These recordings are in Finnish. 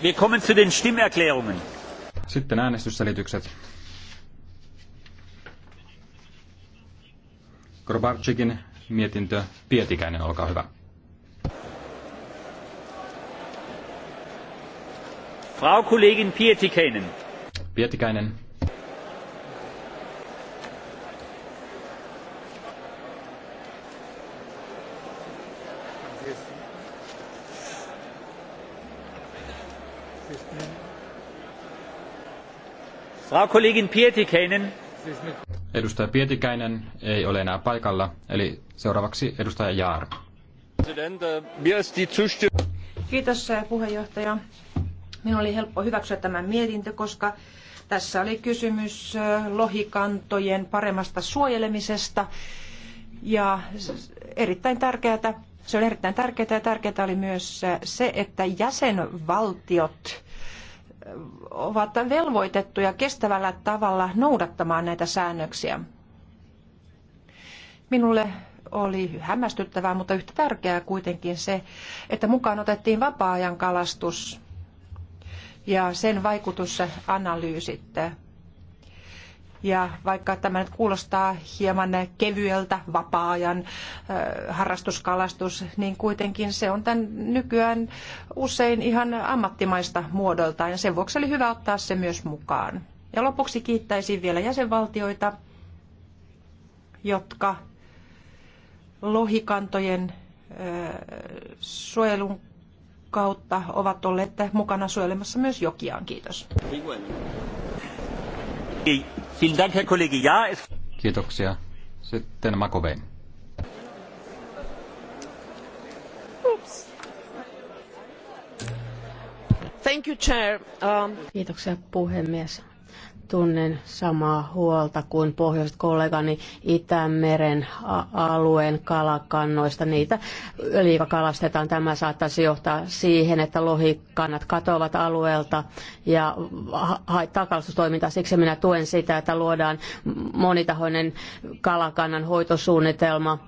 Wir kommen zu den Stimmerklärungen. Sitten äänestysselitykset. Grobarczykin mietintö. Pietikäinen, olkaa hyvä. Frau Kollegin Pietikäinen. Pietikäinen. Frau Kollegin Pietikäinen. Edustaja Pietikäinen ei ole enää paikalla, eli seuraavaksi edustaja Jaar. Kiitos eh, puheenjohtaja. Minun oli helppo hyväksyä tämä mietintö, koska tässä oli kysymys eh, lohikantojen paremmasta suojelemisesta ja erittäin tärkeää, se on erittäin tärkeää ja tärkeää oli myös eh, se, että jäsenvaltiot ovat velvoitettuja kestävällä tavalla noudattamaan näitä säännöksiä. Minulle oli hämmästyttävää, mutta yhtä tärkeää kuitenkin se, että mukaan otettiin vapaa-ajan kalastus ja sen vaikutusanalyysit. Ja vaikka tämä nyt kuulostaa hieman kevyeltä vapaa-ajan harrastuskalastus, niin kuitenkin se on tämän nykyään usein ihan ammattimaista muodoltaan ja sen vuoksi oli hyvä ottaa se myös mukaan. Ja lopuksi kiittäisin vielä jäsenvaltioita, jotka lohikantojen suojelun kautta ovat olleet mukana suojelemassa myös jokiaan. Kiitos. Kiitoksia. Sitten Makovein. Thank you, chair. Um... Kiitoksia puhemies tunnen samaa huolta kuin pohjoiset kollegani Itämeren alueen kalakannoista. Niitä liikakalastetaan. Tämä saattaisi johtaa siihen, että lohikannat katoavat alueelta ja haittaa kalastustoimintaa. Siksi minä tuen sitä, että luodaan monitahoinen kalakannan hoitosuunnitelma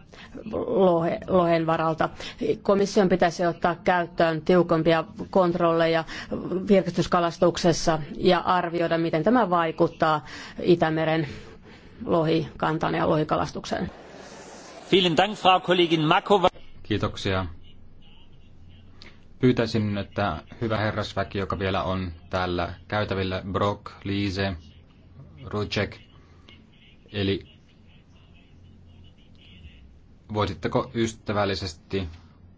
lohe, lohen varalta. Komission pitäisi ottaa käyttöön tiukempia kontrolleja virkistyskalastuksessa ja arvioida, miten tämä vaikuttaa Itämeren lohikantaan ja lohikalastukseen. Kiitoksia. Pyytäisin, että hyvä herrasväki, joka vielä on täällä käytävillä, Brock, Liise, Rucek, eli Voisitteko ystävällisesti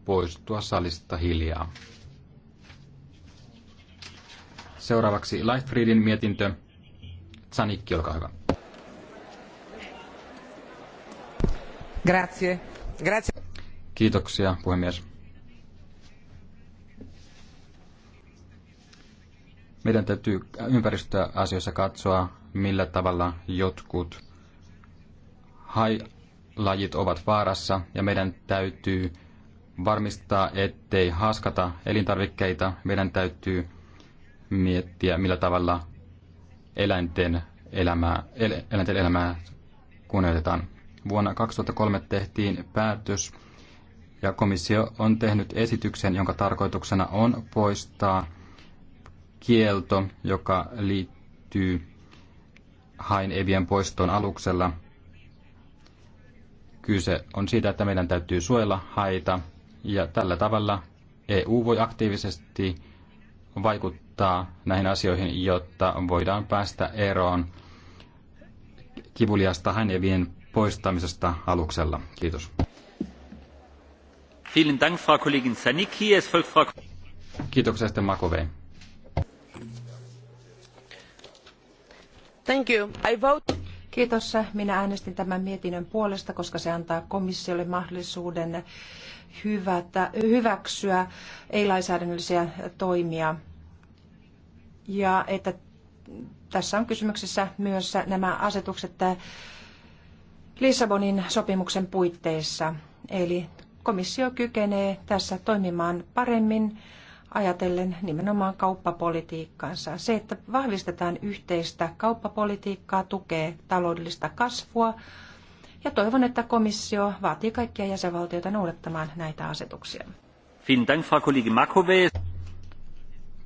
poistua salista hiljaa? Seuraavaksi Lightfriedin mietintö. Sanikki, olkaa hyvä. Grazie. Grazie. Kiitoksia, puhemies. Meidän täytyy ympäristöasioissa katsoa, millä tavalla jotkut lajit ovat vaarassa ja meidän täytyy varmistaa, ettei haskata elintarvikkeita. Meidän täytyy miettiä, millä tavalla eläinten elämää, el, eläinten elämää kunnioitetaan. Vuonna 2003 tehtiin päätös ja komissio on tehnyt esityksen, jonka tarkoituksena on poistaa kielto, joka liittyy hain evien poistoon aluksella – Kyse on siitä, että meidän täytyy suojella haita ja tällä tavalla EU voi aktiivisesti vaikuttaa näihin asioihin, jotta voidaan päästä eroon kivuliasta hänevien poistamisesta aluksella. Kiitos. Vielen Dank, Frau Kollegin Sanicki. Es folgt Frau... Kiitoksia sitten Makovei. Thank you. I vote... Kiitos. Minä äänestin tämän mietinnön puolesta, koska se antaa komissiolle mahdollisuuden hyvätä, hyväksyä ei-lainsäädännöllisiä toimia. Ja että tässä on kysymyksessä myös nämä asetukset Lissabonin sopimuksen puitteissa. Eli komissio kykenee tässä toimimaan paremmin ajatellen nimenomaan kauppapolitiikkaansa. Se, että vahvistetaan yhteistä kauppapolitiikkaa, tukee taloudellista kasvua ja toivon, että komissio vaatii kaikkia jäsenvaltioita noudattamaan näitä asetuksia.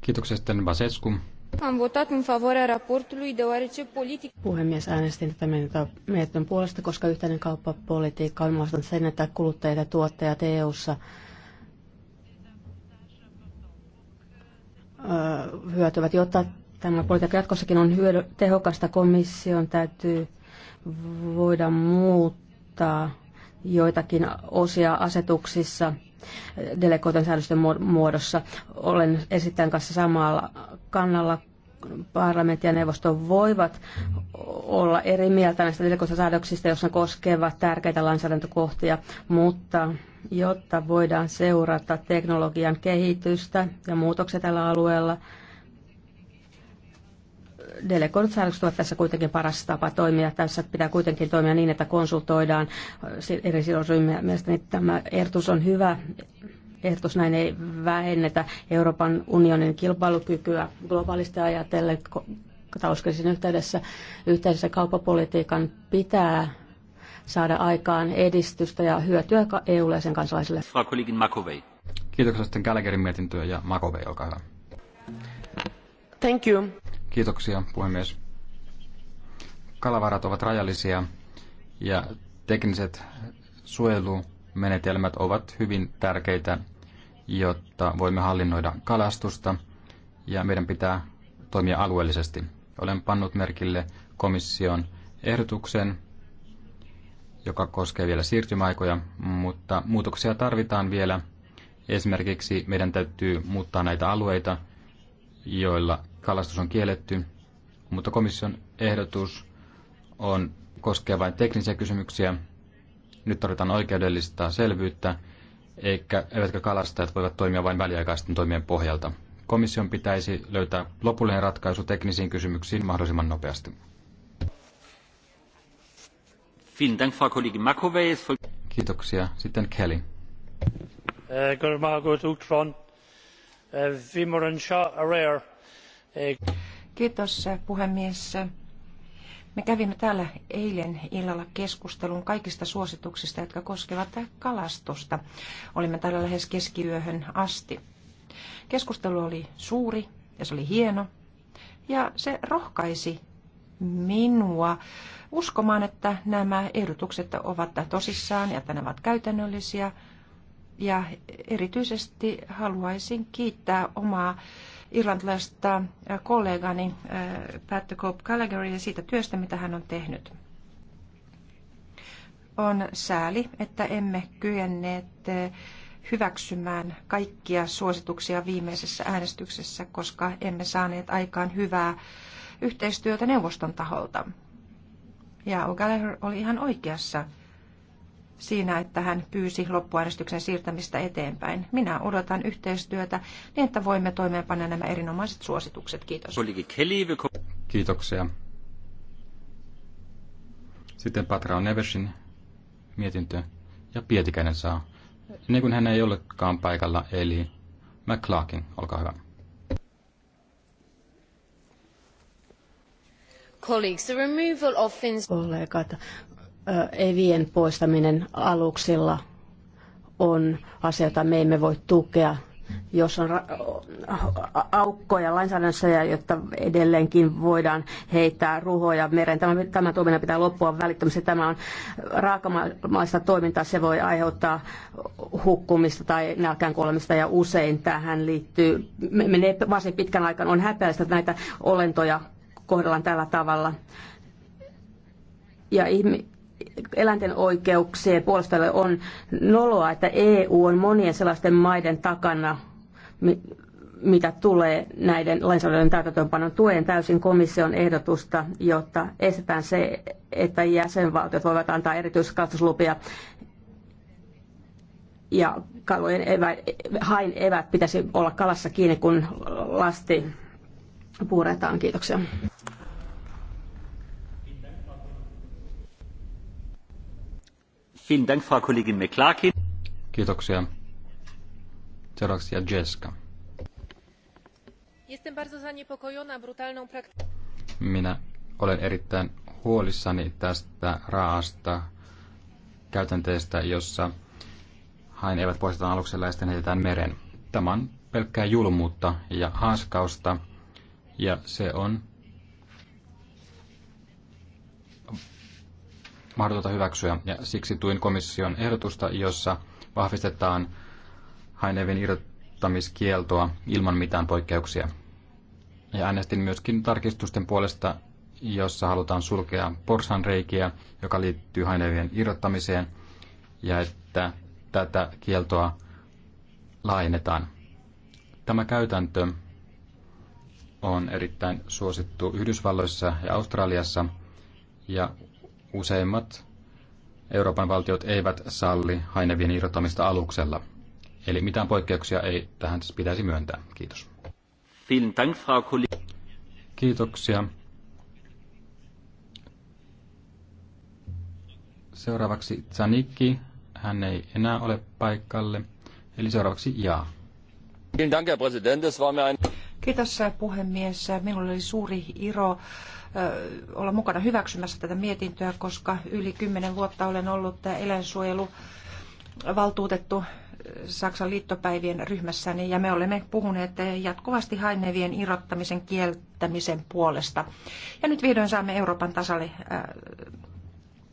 Kiitoksia sitten Basescu. Am votat în favoarea raportului deoarece politic... Puhemies, äänestin tätä mietinnön puolesta, koska yhteinen kauppapolitiikka on mahdollistanut sen, että kuluttajat ja tuottajat EU-ssa hyötyvät, jotta tämä politiikka jatkossakin on hyödy- tehokasta. Komission täytyy voida muuttaa joitakin osia asetuksissa delegoitun säädösten muodossa. Olen esittäjän kanssa samalla kannalla parlamentti ja neuvosto voivat olla eri mieltä näistä säädöksistä, jos ne koskevat tärkeitä lainsäädäntökohtia, mutta jotta voidaan seurata teknologian kehitystä ja muutoksia tällä alueella, delegoidut säädökset ovat tässä kuitenkin paras tapa toimia. Tässä pitää kuitenkin toimia niin, että konsultoidaan eri sidosryhmiä. Mielestäni tämä ehdotus on hyvä ehdotus näin ei vähennetä Euroopan unionin kilpailukykyä globaalisti ajatellen talouskriisin yhteydessä. Yhteisessä kauppapolitiikan pitää saada aikaan edistystä ja hyötyä EUlle ja sen kansalaisille. Kiitoksia sitten Gallagherin mietintöä ja Makovei, olkaa hyvä. Thank you. Kiitoksia puhemies. Kalavarat ovat rajallisia ja tekniset suojelumenetelmät ovat hyvin tärkeitä jotta voimme hallinnoida kalastusta ja meidän pitää toimia alueellisesti. Olen pannut merkille komission ehdotuksen, joka koskee vielä siirtymäaikoja, mutta muutoksia tarvitaan vielä. Esimerkiksi meidän täytyy muuttaa näitä alueita, joilla kalastus on kielletty, mutta komission ehdotus on koskee vain teknisiä kysymyksiä. Nyt tarvitaan oikeudellista selvyyttä eikä, eivätkä kalastajat voivat toimia vain väliaikaisten toimien pohjalta. Komission pitäisi löytää lopullinen ratkaisu teknisiin kysymyksiin mahdollisimman nopeasti. Kiitoksia. Sitten Kelly. Eh, er eh, eh, Kiitos puhemies me kävimme täällä eilen illalla keskustelun kaikista suosituksista, jotka koskevat kalastusta. Olimme täällä lähes keskiyöhön asti. Keskustelu oli suuri ja se oli hieno. Ja se rohkaisi minua uskomaan, että nämä ehdotukset ovat tosissaan ja että ne ovat käytännöllisiä. Ja erityisesti haluaisin kiittää omaa irlantilaista kollegani Pat Cope Gallagheria ja siitä työstä, mitä hän on tehnyt. On sääli, että emme kyenneet hyväksymään kaikkia suosituksia viimeisessä äänestyksessä, koska emme saaneet aikaan hyvää yhteistyötä neuvoston taholta. Ja O'Gallagher oli ihan oikeassa – siinä, että hän pyysi loppuäänestyksen siirtämistä eteenpäin. Minä odotan yhteistyötä niin, että voimme toimeenpanna nämä erinomaiset suositukset. Kiitos. Kiitoksia. Sitten Patra on Neversin mietintö ja Pietikäinen saa. Niin kuin hän ei olekaan paikalla, eli McClarkin, olkaa hyvä. Colleagues, the removal of Finns... Kollegat, evien poistaminen aluksilla on asia, jota me emme voi tukea, jos on aukkoja lainsäädännössä ja jotta edelleenkin voidaan heittää ruhoja mereen. Tämä, tämä toiminta pitää loppua välittömästi. Tämä on raakamaista toimintaa. Se voi aiheuttaa hukkumista tai nälkään kuolemista ja usein tähän liittyy, menee varsin pitkän aikaan. On häpeällistä, että näitä olentoja kohdellaan tällä tavalla. Ja ihmi, eläinten oikeuksien puolustajille on noloa, että EU on monien sellaisten maiden takana, mitä tulee näiden lainsäädännön täytäntöönpanon tuen täysin komission ehdotusta, jotta estetään se, että jäsenvaltiot voivat antaa erityiskalastuslupia ja kalojen evä, hain evät pitäisi olla kalassa kiinni, kun lasti puretaan. Kiitoksia. Kiitoksia. Seuraavaksi Jeska. Minä olen erittäin huolissani tästä raasta käytänteestä, jossa hain eivät poisteta aluksella ja sitten heitetään meren. Tämä on pelkkää julmuutta ja haaskausta ja se on mahdotonta hyväksyä, ja siksi tuin komission ehdotusta, jossa vahvistetaan Hainevin irrottamiskieltoa ilman mitään poikkeuksia. Ja äänestin myöskin tarkistusten puolesta, jossa halutaan sulkea porsan reikiä, joka liittyy Hainevien irrottamiseen, ja että tätä kieltoa laajennetaan. Tämä käytäntö on erittäin suosittu Yhdysvalloissa ja Australiassa, ja useimmat Euroopan valtiot eivät salli hainevien irrottamista aluksella. Eli mitään poikkeuksia ei tähän pitäisi myöntää. Kiitos. Kiitoksia. Seuraavaksi Zanikki. Hän ei enää ole paikalle. Eli seuraavaksi Jaa. Vielen Dank, Herr Präsident. Es war mir ein... Kiitos puhemies. Minulla oli suuri ilo olla mukana hyväksymässä tätä mietintöä, koska yli kymmenen vuotta olen ollut eläinsuojelu valtuutettu Saksan liittopäivien ryhmässäni ja me olemme puhuneet jatkuvasti hainevien irrottamisen kieltämisen puolesta. Ja nyt vihdoin saamme Euroopan tasalle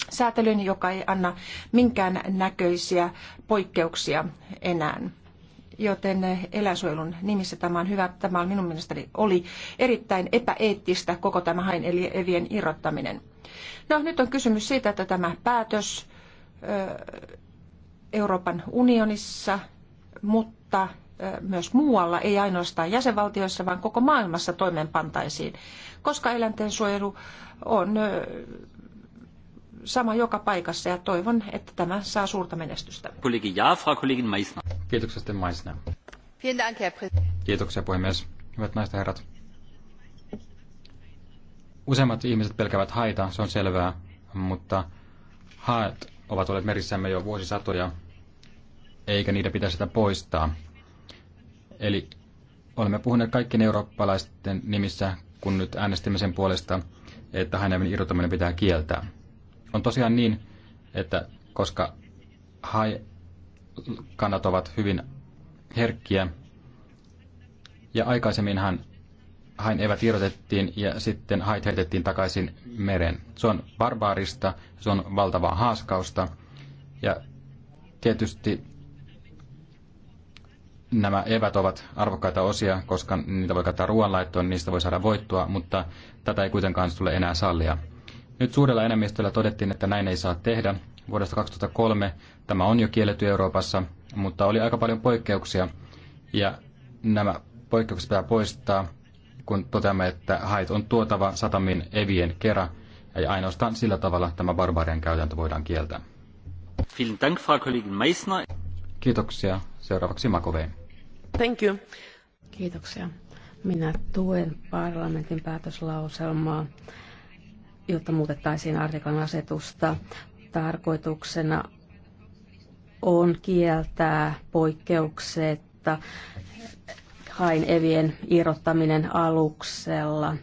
säätelyn, joka ei anna minkään näköisiä poikkeuksia enää joten eläinsuojelun nimissä tämä on hyvä. Tämä on minun mielestäni oli erittäin epäeettistä koko tämä hain eli evien irrottaminen. No nyt on kysymys siitä, että tämä päätös Euroopan unionissa, mutta myös muualla, ei ainoastaan jäsenvaltioissa, vaan koko maailmassa toimeenpantaisiin, koska suojelu on sama joka paikassa ja toivon, että tämä saa suurta menestystä. Kollegi ja, Frau Kollegin Meissner. Kiitoksia sitten Meissner. Kiitoksia puhemies. Hyvät naiset ja herrat. Useimmat ihmiset pelkävät haita, se on selvää, mutta haet ovat olleet merissämme jo vuosisatoja, eikä niitä pitäisi sitä poistaa. Eli olemme puhuneet kaikkien eurooppalaisten nimissä, kun nyt äänestimme sen puolesta, että hänen irrottaminen pitää kieltää. On tosiaan niin, että koska haikannat ovat hyvin herkkiä, ja aikaisemminhan hain evät irrotettiin ja sitten hait heitettiin takaisin mereen. Se on barbaarista, se on valtavaa haaskausta, ja tietysti nämä evät ovat arvokkaita osia, koska niitä voi käyttää ruoanlaittoon, niistä voi saada voittoa, mutta tätä ei kuitenkaan tule enää sallia. Nyt suurella enemmistöllä todettiin, että näin ei saa tehdä. Vuodesta 2003 tämä on jo kielletty Euroopassa, mutta oli aika paljon poikkeuksia ja nämä poikkeukset pitää poistaa, kun toteamme, että hait on tuotava satamin evien kera ja ainoastaan sillä tavalla tämä barbarian käytäntö voidaan kieltää. Kiitoksia. Seuraavaksi Makovei. Thank you. Kiitoksia. Minä tuen parlamentin päätöslauselmaa jotta muutettaisiin artiklan asetusta. Tarkoituksena on kieltää poikkeuksetta hain evien irrottaminen aluksella.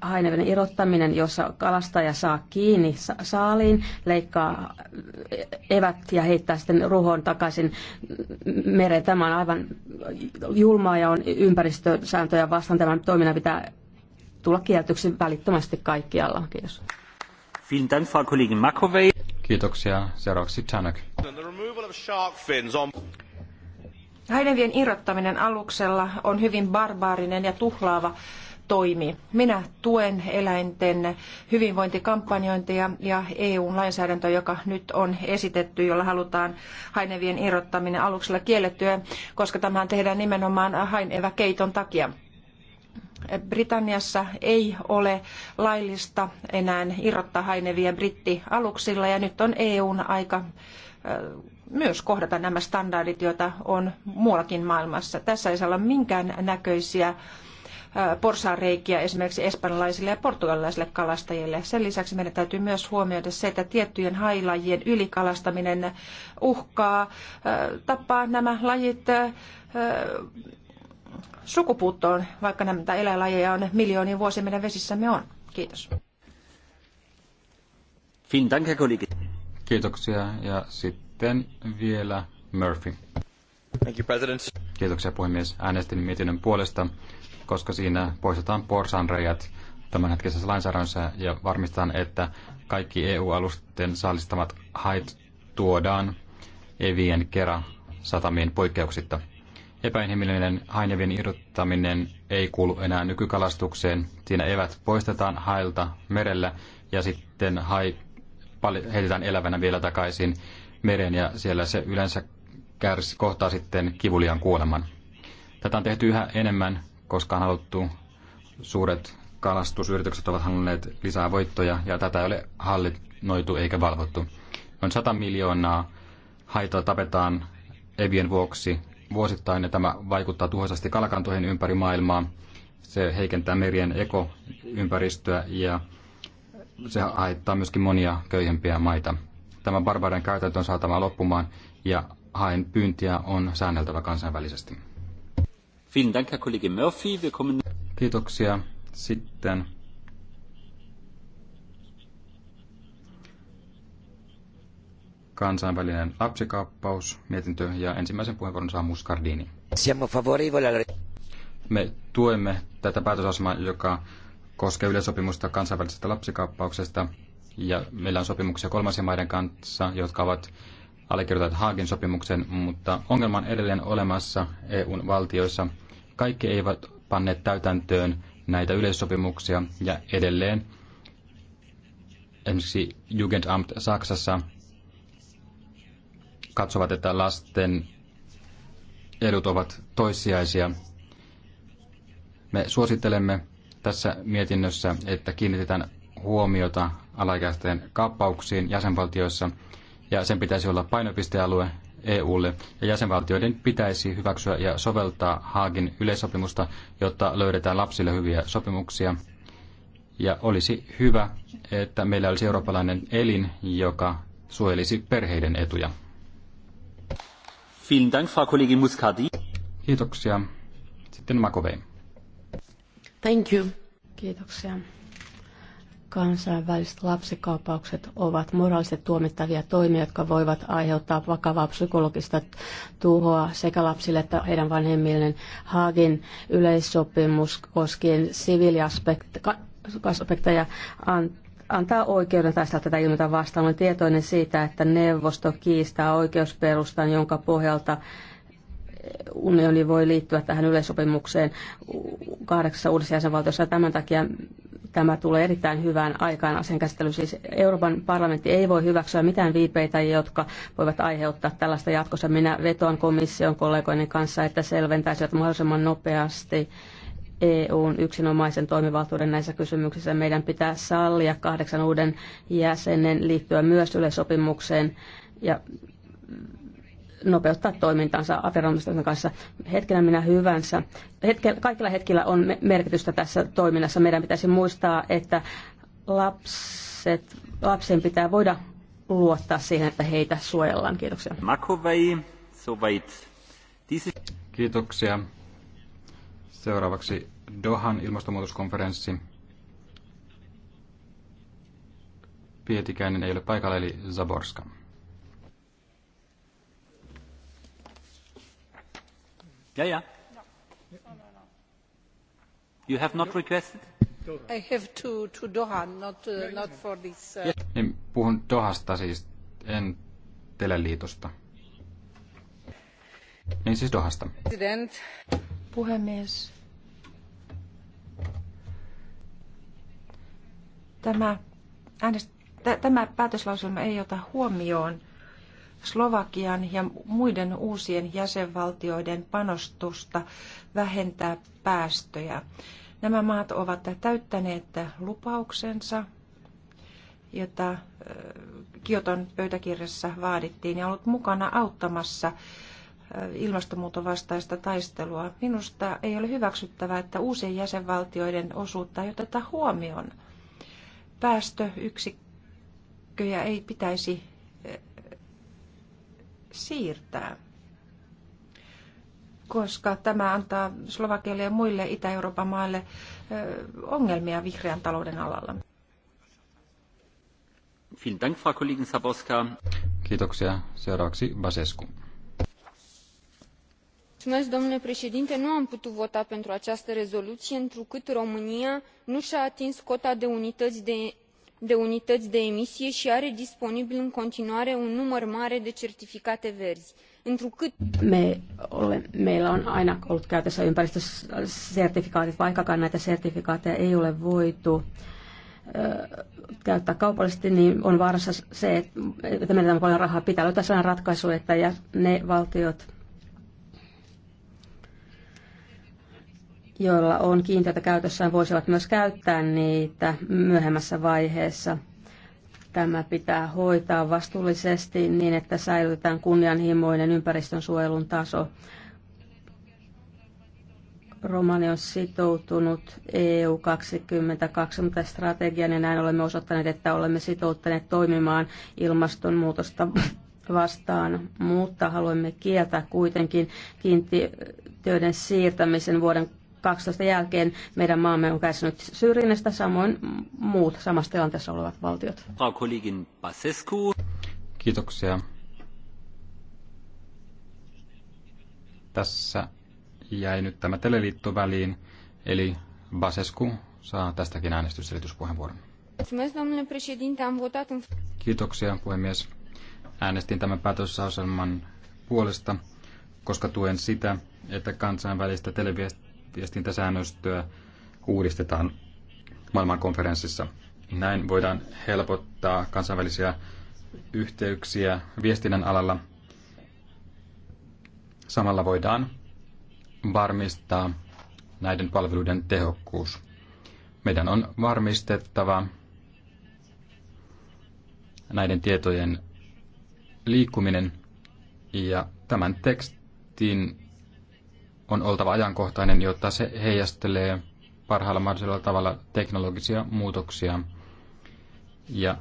Hainevien irrottaminen, jossa kalastaja saa kiinni saaliin, leikkaa evät ja heittää sitten ruhoon takaisin mereen. Tämä on aivan julmaa ja on ympäristösääntöjä vastaan. Tämän toiminnan pitää tulla kielletyksi välittömästi kaikkialla. Kiitos. Kiitoksia. Seuraavaksi irrottaminen aluksella on hyvin barbaarinen ja tuhlaava toimi. Minä tuen eläinten hyvinvointikampanjointia ja EU-lainsäädäntöä, joka nyt on esitetty, jolla halutaan hainevien irrottaminen aluksella kiellettyä, koska tämä tehdään nimenomaan haineväkeiton takia. Britanniassa ei ole laillista enää irrottaa hainevia brittialuksilla ja nyt on EUn aika myös kohdata nämä standardit, joita on muuallakin maailmassa. Tässä ei saa olla minkään näköisiä porsaanreikiä esimerkiksi espanjalaisille ja portugalilaisille kalastajille. Sen lisäksi meidän täytyy myös huomioida se, että tiettyjen hailajien ylikalastaminen uhkaa, tapaa nämä lajit sukupuuttoon, vaikka näitä eläinlajeja on miljoonia vuosia meidän vesissämme on. Kiitos. Kiitoksia. Ja sitten vielä Murphy. Thank you, President. Kiitoksia puhemies. Äänestin mietinnön puolesta, koska siinä poistetaan porsanreijat tämänhetkisessä lainsäädännössä ja varmistetaan, että kaikki EU-alusten saalistamat hait tuodaan evien kera satamiin poikkeuksitta. Epäinhimillinen hainevien irrottaminen ei kuulu enää nykykalastukseen. Siinä evät poistetaan hailta merellä ja sitten hai heitetään elävänä vielä takaisin meren ja siellä se yleensä kärsi, kohtaa sitten kivulian kuoleman. Tätä on tehty yhä enemmän, koska on haluttu suuret kalastusyritykset ovat halunneet lisää voittoja ja tätä ei ole hallinnoitu eikä valvottu. Noin 100 miljoonaa haitoa tapetaan evien vuoksi vuosittain ja tämä vaikuttaa tuhoisasti kalakantoihin ympäri maailmaa. Se heikentää merien ekoympäristöä ja se haittaa myöskin monia köyhempiä maita. Tämä barbaiden käytäntö on saatava loppumaan ja haen pyyntiä on säänneltävä kansainvälisesti. Kiitoksia. Sitten kansainvälinen lapsikaappaus, mietintö ja ensimmäisen puheenvuoron saa Muscardini. Me tuemme tätä päätösasemaa, joka koskee yleisopimusta kansainvälisestä lapsikaappauksesta ja meillä on sopimuksia kolmansien maiden kanssa, jotka ovat allekirjoittaneet Haagin sopimuksen, mutta ongelma on edelleen olemassa EUn valtioissa. Kaikki eivät panneet täytäntöön näitä yleissopimuksia ja edelleen esimerkiksi Jugendamt Saksassa katsovat, että lasten edut ovat toissijaisia. Me suosittelemme tässä mietinnössä, että kiinnitetään huomiota alaikäisten kaappauksiin jäsenvaltioissa, ja sen pitäisi olla painopistealue EUlle, ja jäsenvaltioiden pitäisi hyväksyä ja soveltaa Haagin yleissopimusta, jotta löydetään lapsille hyviä sopimuksia. Ja olisi hyvä, että meillä olisi eurooppalainen elin, joka suojelisi perheiden etuja. Dank, Frau Kollegin Muscardi. Kiitoksia. Sitten Makovei. Thank you. Kiitoksia. Kansainväliset lapsikaupaukset ovat moraalisesti tuomittavia toimia, jotka voivat aiheuttaa vakavaa psykologista tuhoa sekä lapsille että heidän vanhemmilleen. Haagin yleissopimus koskien siviiliaspekteja antaa oikeuden taistella tätä ilmiötä vastaan. Olen tietoinen siitä, että neuvosto kiistää oikeusperustan, jonka pohjalta unioni voi liittyä tähän yleissopimukseen kahdeksassa uudessa jäsenvaltiossa. Tämän takia tämä tulee erittäin hyvään aikaan asian käsittely. Siis Euroopan parlamentti ei voi hyväksyä mitään viipeitä, jotka voivat aiheuttaa tällaista jatkossa. Minä vetoan komission kollegoiden kanssa, että selventäisivät mahdollisimman nopeasti EUn yksinomaisen toimivaltuuden näissä kysymyksissä. Meidän pitää sallia kahdeksan uuden jäsenen liittyä myös yleisopimukseen ja nopeuttaa toimintansa afirmamisten kanssa hetkenä minä hyvänsä. Hetke, kaikilla hetkillä on merkitystä tässä toiminnassa. Meidän pitäisi muistaa, että lapset, lapsen pitää voida luottaa siihen, että heitä suojellaan. Kiitoksia. Kiitoksia. Seuraavaksi Dohan ilmastonmuutoskonferenssi. Pietikäinen ei ole paikalla, eli Zaborska. Ja, ja. You have not requested? I have to, to Doha, not, uh, not for this. Uh... Niin, puhun Dohasta siis, en teleliitosta. Niin siis Dohasta. President. Puhemies, Tämä, äänest, tämä päätöslauselma ei ota huomioon Slovakian ja muiden uusien jäsenvaltioiden panostusta vähentää päästöjä. Nämä maat ovat täyttäneet lupauksensa, jota Kioton pöytäkirjassa vaadittiin ja ollut mukana auttamassa ilmastonmuuton vastaista taistelua. Minusta ei ole hyväksyttävää, että uusien jäsenvaltioiden osuutta ei oteta huomioon – päästöyksikköjä ei pitäisi eh, siirtää, koska tämä antaa Slovakialle ja muille Itä-Euroopan maille eh, ongelmia vihreän talouden alalla. Kiitoksia. Seuraavaksi Basescu nu am putut vota pentru această rezoluie întrucât românia nu i a atins cota de unităi de emisie i are disponibil în continuare un număr mare de certificate verzi. întrucât meillä on aina ollut käytössä ympäristösertifikaatit vaikkakaan näitä sertifikaatteja ei ole voitu käyttää kaupallisesti, niin on vaarassa se, että menetetään paljon rahaa. Pitää löytää sellainen ratkaisu, että ne valtiot, joilla on kiinteitä käytössään, voisivat myös käyttää niitä myöhemmässä vaiheessa. Tämä pitää hoitaa vastuullisesti niin, että säilytetään kunnianhimoinen ympäristön suojelun taso. Romani on sitoutunut EU 2020 strategian ja näin olemme osoittaneet, että olemme sitouttaneet toimimaan ilmastonmuutosta vastaan, mutta haluamme kieltää kuitenkin kiintiöiden siirtämisen vuoden 2012 jälkeen meidän maamme on kärsinyt syrjinnästä, samoin muut samassa tilanteessa olevat valtiot. Kiitoksia. Tässä jäi nyt tämä teleliitto väliin, eli Basescu saa tästäkin äänestysselityspuheenvuoron. Kiitoksia puhemies. Äänestin tämän päätösaselman puolesta, koska tuen sitä, että kansainvälistä televiestiä viestintäsäännöstöä uudistetaan maailmankonferenssissa. Näin voidaan helpottaa kansainvälisiä yhteyksiä viestinnän alalla. Samalla voidaan varmistaa näiden palveluiden tehokkuus. Meidän on varmistettava näiden tietojen liikkuminen ja tämän tekstin on oltava ajankohtainen, jotta se heijastelee parhaalla mahdollisella tavalla teknologisia muutoksia. Ja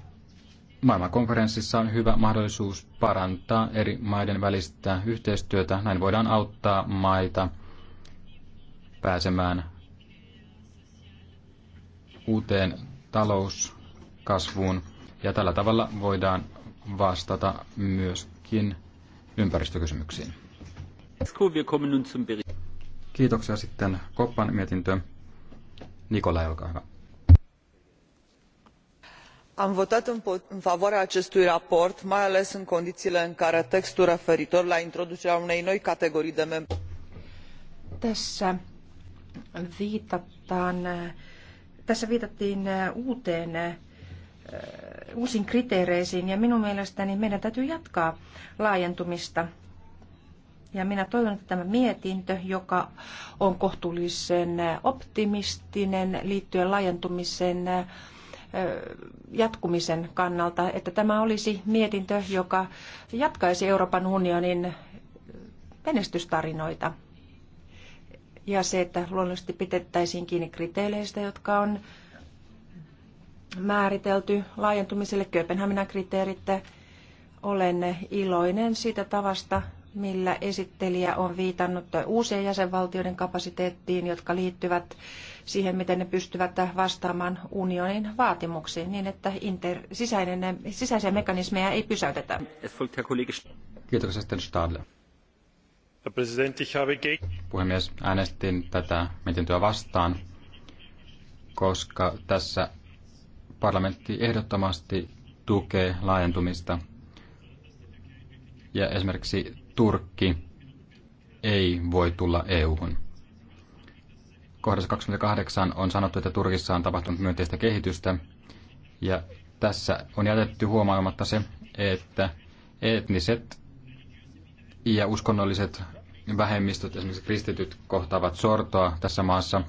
maailmankonferenssissa on hyvä mahdollisuus parantaa eri maiden välistä yhteistyötä. Näin voidaan auttaa maita pääsemään uuteen talouskasvuun ja tällä tavalla voidaan vastata myöskin ympäristökysymyksiin. Kiitoksia sitten Koppan mietintö. Nikola olkaa hyvä. Am votat în favoarea acestui raport, mai ales în condițiile în care textul referitor la introducerea unei noi categorii de membri. Tässä viitataan, tässä viitattiin uuteen äh, uusiin kriteereisiin ja minun mielestäni meidän täytyy jatkaa laajentumista ja minä toivon, että tämä mietintö, joka on kohtuullisen optimistinen liittyen laajentumisen jatkumisen kannalta, että tämä olisi mietintö, joka jatkaisi Euroopan unionin menestystarinoita. Ja se, että luonnollisesti pitettäisiin kiinni kriteereistä, jotka on määritelty laajentumiselle Kööpenhaminan kriteerit. Olen iloinen siitä tavasta, millä esittelijä on viitannut uusien jäsenvaltioiden kapasiteettiin, jotka liittyvät siihen, miten ne pystyvät vastaamaan unionin vaatimuksiin niin, että inter, sisäinen, sisäisiä mekanismeja ei pysäytetä. Kiitoksia sitten Stadler. Puhemies, äänestin tätä mietintöä vastaan, koska tässä parlamentti ehdottomasti tukee laajentumista. Ja esimerkiksi Turkki ei voi tulla EU-hun. Kohdassa 28 on sanottu, että Turkissa on tapahtunut myönteistä kehitystä, ja tässä on jätetty huomaamatta se, että etniset ja uskonnolliset vähemmistöt, esimerkiksi kristityt, kohtaavat sortoa tässä maassa.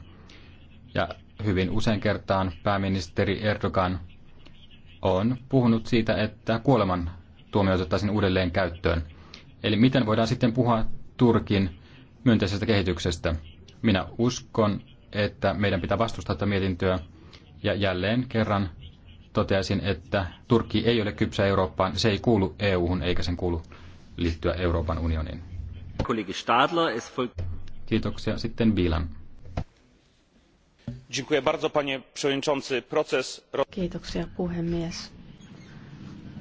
Ja hyvin usein kertaan pääministeri Erdogan on puhunut siitä, että kuoleman tuomio otettaisiin uudelleen käyttöön. Eli miten voidaan sitten puhua Turkin myönteisestä kehityksestä? Minä uskon, että meidän pitää vastustaa tätä mietintöä. Ja jälleen kerran toteaisin, että Turkki ei ole kypsä Eurooppaan. Se ei kuulu EU-hun eikä sen kuulu liittyä Euroopan unioniin. Kiitoksia. Sitten Bilan. Kiitoksia puhemies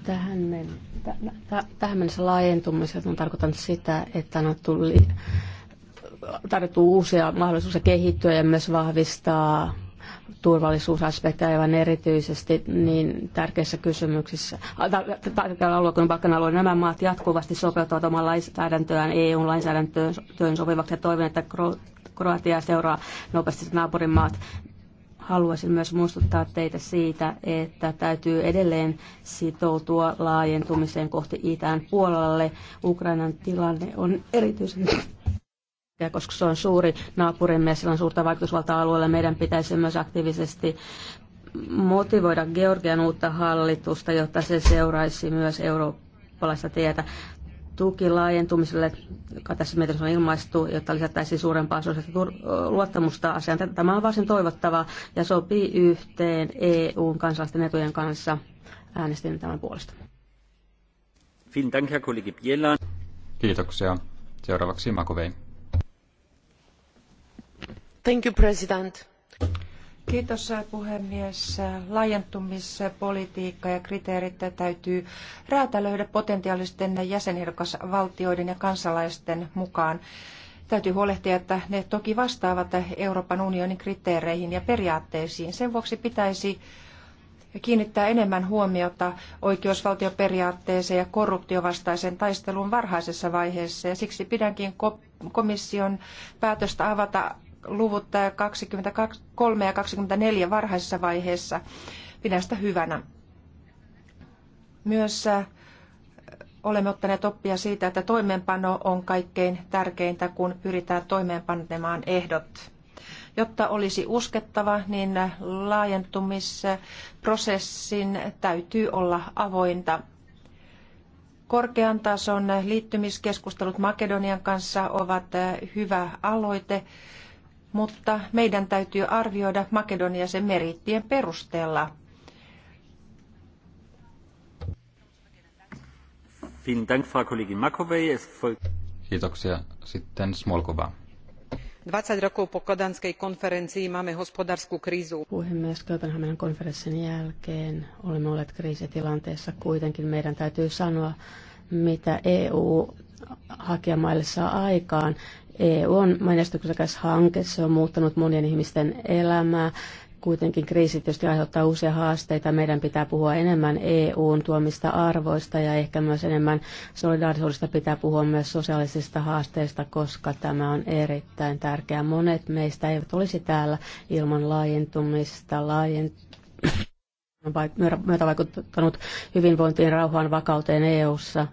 Tähän, men, tähän mennessä laajentumiset on tarkoittanut sitä, että on tuli tarjottu uusia mahdollisuuksia kehittyä ja myös vahvistaa turvallisuusaspekteja aivan erityisesti niin tärkeissä kysymyksissä. Tällä alueella kun Balkan alueella niin nämä maat jatkuvasti sopeuttavat oman lainsäädäntöään EU-lainsäädäntöön sopivaksi ja toivon, että Kroatia seuraa nopeasti naapurimaat Haluaisin myös muistuttaa teitä siitä, että täytyy edelleen sitoutua laajentumiseen kohti itään puolelle. Ukrainan tilanne on erityisen ja koska se on suuri naapurimme ja sillä on suurta vaikutusvaltaa alueella, meidän pitäisi myös aktiivisesti motivoida Georgian uutta hallitusta, jotta se seuraisi myös eurooppalaista tietä tuki laajentumiselle, joka tässä mietinnössä on ilmaistu, jotta lisättäisiin suurempaa sosiaalista luottamusta asiaan. Tämä on varsin toivottavaa ja sopii yhteen EUn kansalaisten etujen kanssa. Äänestin tämän puolesta. Kiitoksia. Seuraavaksi Makovei. Thank you, President. Kiitos puhemies. Laajentumispolitiikka ja kriteerit täytyy räätälöidä potentiaalisten jäsenehdokasvaltioiden ja kansalaisten mukaan. Täytyy huolehtia, että ne toki vastaavat Euroopan unionin kriteereihin ja periaatteisiin. Sen vuoksi pitäisi kiinnittää enemmän huomiota oikeusvaltioperiaatteeseen ja korruptiovastaisen taisteluun varhaisessa vaiheessa. Ja siksi pidänkin komission päätöstä avata luvut 23 äh, ja 24 varhaisessa vaiheessa. Pidän sitä hyvänä. Myös äh, olemme ottaneet oppia siitä, että toimeenpano on kaikkein tärkeintä, kun pyritään toimeenpanemaan ehdot. Jotta olisi uskettava, niin äh, laajentumisprosessin täytyy olla avointa. Korkean tason liittymiskeskustelut Makedonian kanssa ovat hyvä aloite mutta meidän täytyy arvioida Makedonia sen merittien perusteella. Kiitoksia. Sitten Smolkova. 20 rokov po Kodanskej konferencii máme hospodárskú krízu. Puhemies, Kööpenhaminan konferenssin jälkeen olemme olleet kriisitilanteessa. Kuitenkin meidän täytyy sanoa, mitä EU hakijamaille saa aikaan. EU on menestyksekäs hanke, se on muuttanut monien ihmisten elämää. Kuitenkin kriisi tietysti aiheuttaa uusia haasteita. Meidän pitää puhua enemmän EUn tuomista arvoista ja ehkä myös enemmän solidaarisuudesta pitää puhua myös sosiaalisista haasteista, koska tämä on erittäin tärkeää. Monet meistä eivät olisi täällä ilman laajentumista, laajentumista vaikuttanut hyvinvointiin, rauhaan, vakauteen EU:ssa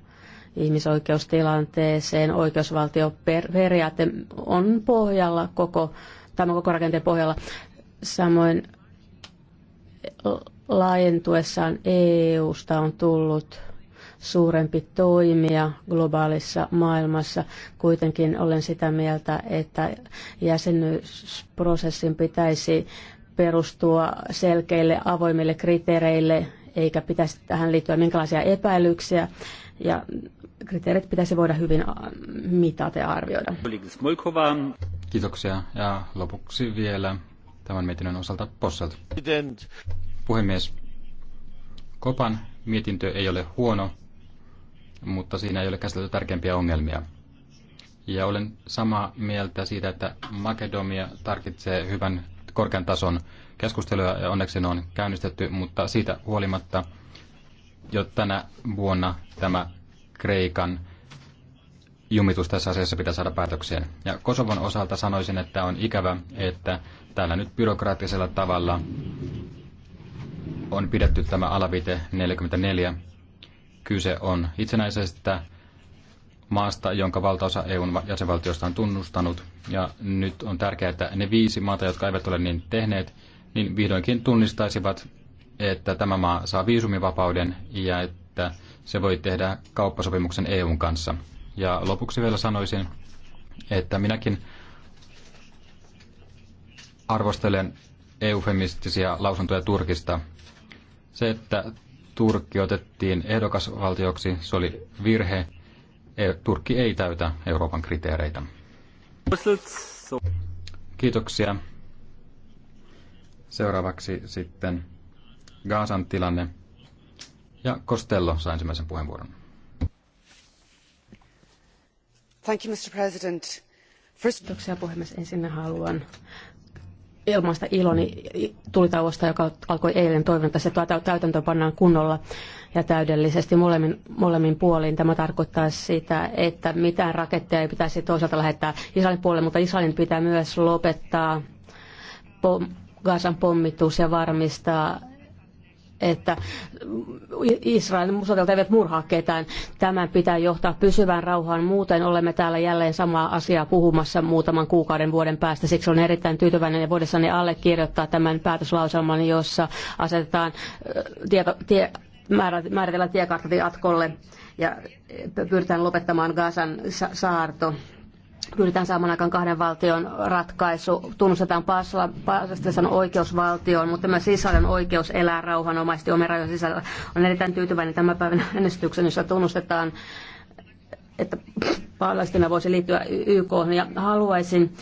ihmisoikeustilanteeseen, oikeusvaltioperiaate on pohjalla koko, tämä koko rakenteen pohjalla. Samoin laajentuessaan EUsta on tullut suurempi toimija globaalissa maailmassa. Kuitenkin olen sitä mieltä, että jäsenyysprosessin pitäisi perustua selkeille avoimille kriteereille, eikä pitäisi tähän liittyä minkälaisia epäilyksiä. Ja kriteerit pitäisi voida hyvin mitata ja arvioida. Kiitoksia. Ja lopuksi vielä tämän mietinnön osalta Posselt. Puhemies, Kopan mietintö ei ole huono, mutta siinä ei ole käsitelty tärkeimpiä ongelmia. Ja olen samaa mieltä siitä, että Makedonia tarvitsee hyvän korkean tason keskustelua ja onneksi ne on käynnistetty, mutta siitä huolimatta jo tänä vuonna tämä Kreikan jumitus tässä asiassa pitää saada päätökseen. Ja Kosovon osalta sanoisin, että on ikävä, että tällä nyt byrokraattisella tavalla on pidetty tämä alavite 44. Kyse on itsenäisestä maasta, jonka valtaosa EUn jäsenvaltiosta on tunnustanut. Ja nyt on tärkeää, että ne viisi maata, jotka eivät ole niin tehneet, niin vihdoinkin tunnistaisivat, että tämä maa saa viisumivapauden ja että se voi tehdä kauppasopimuksen EUn kanssa. Ja lopuksi vielä sanoisin, että minäkin arvostelen eufemistisia lausuntoja Turkista. Se, että Turkki otettiin ehdokasvaltioksi, se oli virhe. E, Turkki ei täytä Euroopan kriteereitä. Kiitoksia. Seuraavaksi sitten Gaasan tilanne. Ja Costello saa ensimmäisen puheenvuoron. Thank you, Mr. President. First... Kiitoksia puhemies. Ensin haluan ilmaista iloni tulitauosta, joka alkoi eilen. Toivon, että se täytäntöön pannaan kunnolla ja täydellisesti molemmin, molemmin puolin. Tämä tarkoittaa sitä, että mitään raketteja ei pitäisi toisaalta lähettää Israelin puolelle, mutta Israelin pitää myös lopettaa pom- Gazan pommitus ja varmistaa, että Israelin sotilaat eivät murhaa ketään. Tämän pitää johtaa pysyvään rauhaan. Muuten olemme täällä jälleen samaa asiaa puhumassa muutaman kuukauden vuoden päästä. Siksi olen erittäin tyytyväinen ja vuodessani allekirjoittaa tämän päätöslauselman, jossa asetetaan tieto, tie, määritellään tiekartat jatkolle ja pyritään lopettamaan Gazan saarto pyritään saamaan aikaan kahden valtion ratkaisu. Tunnustetaan Palestinan oikeusvaltioon, mutta myös Israelin oikeus elää rauhanomaisesti omien rajojen sisällä. Olen erittäin tyytyväinen tämän päivän äänestyksen, jossa tunnustetaan että Palestina voisi liittyä YK. Ja haluaisin,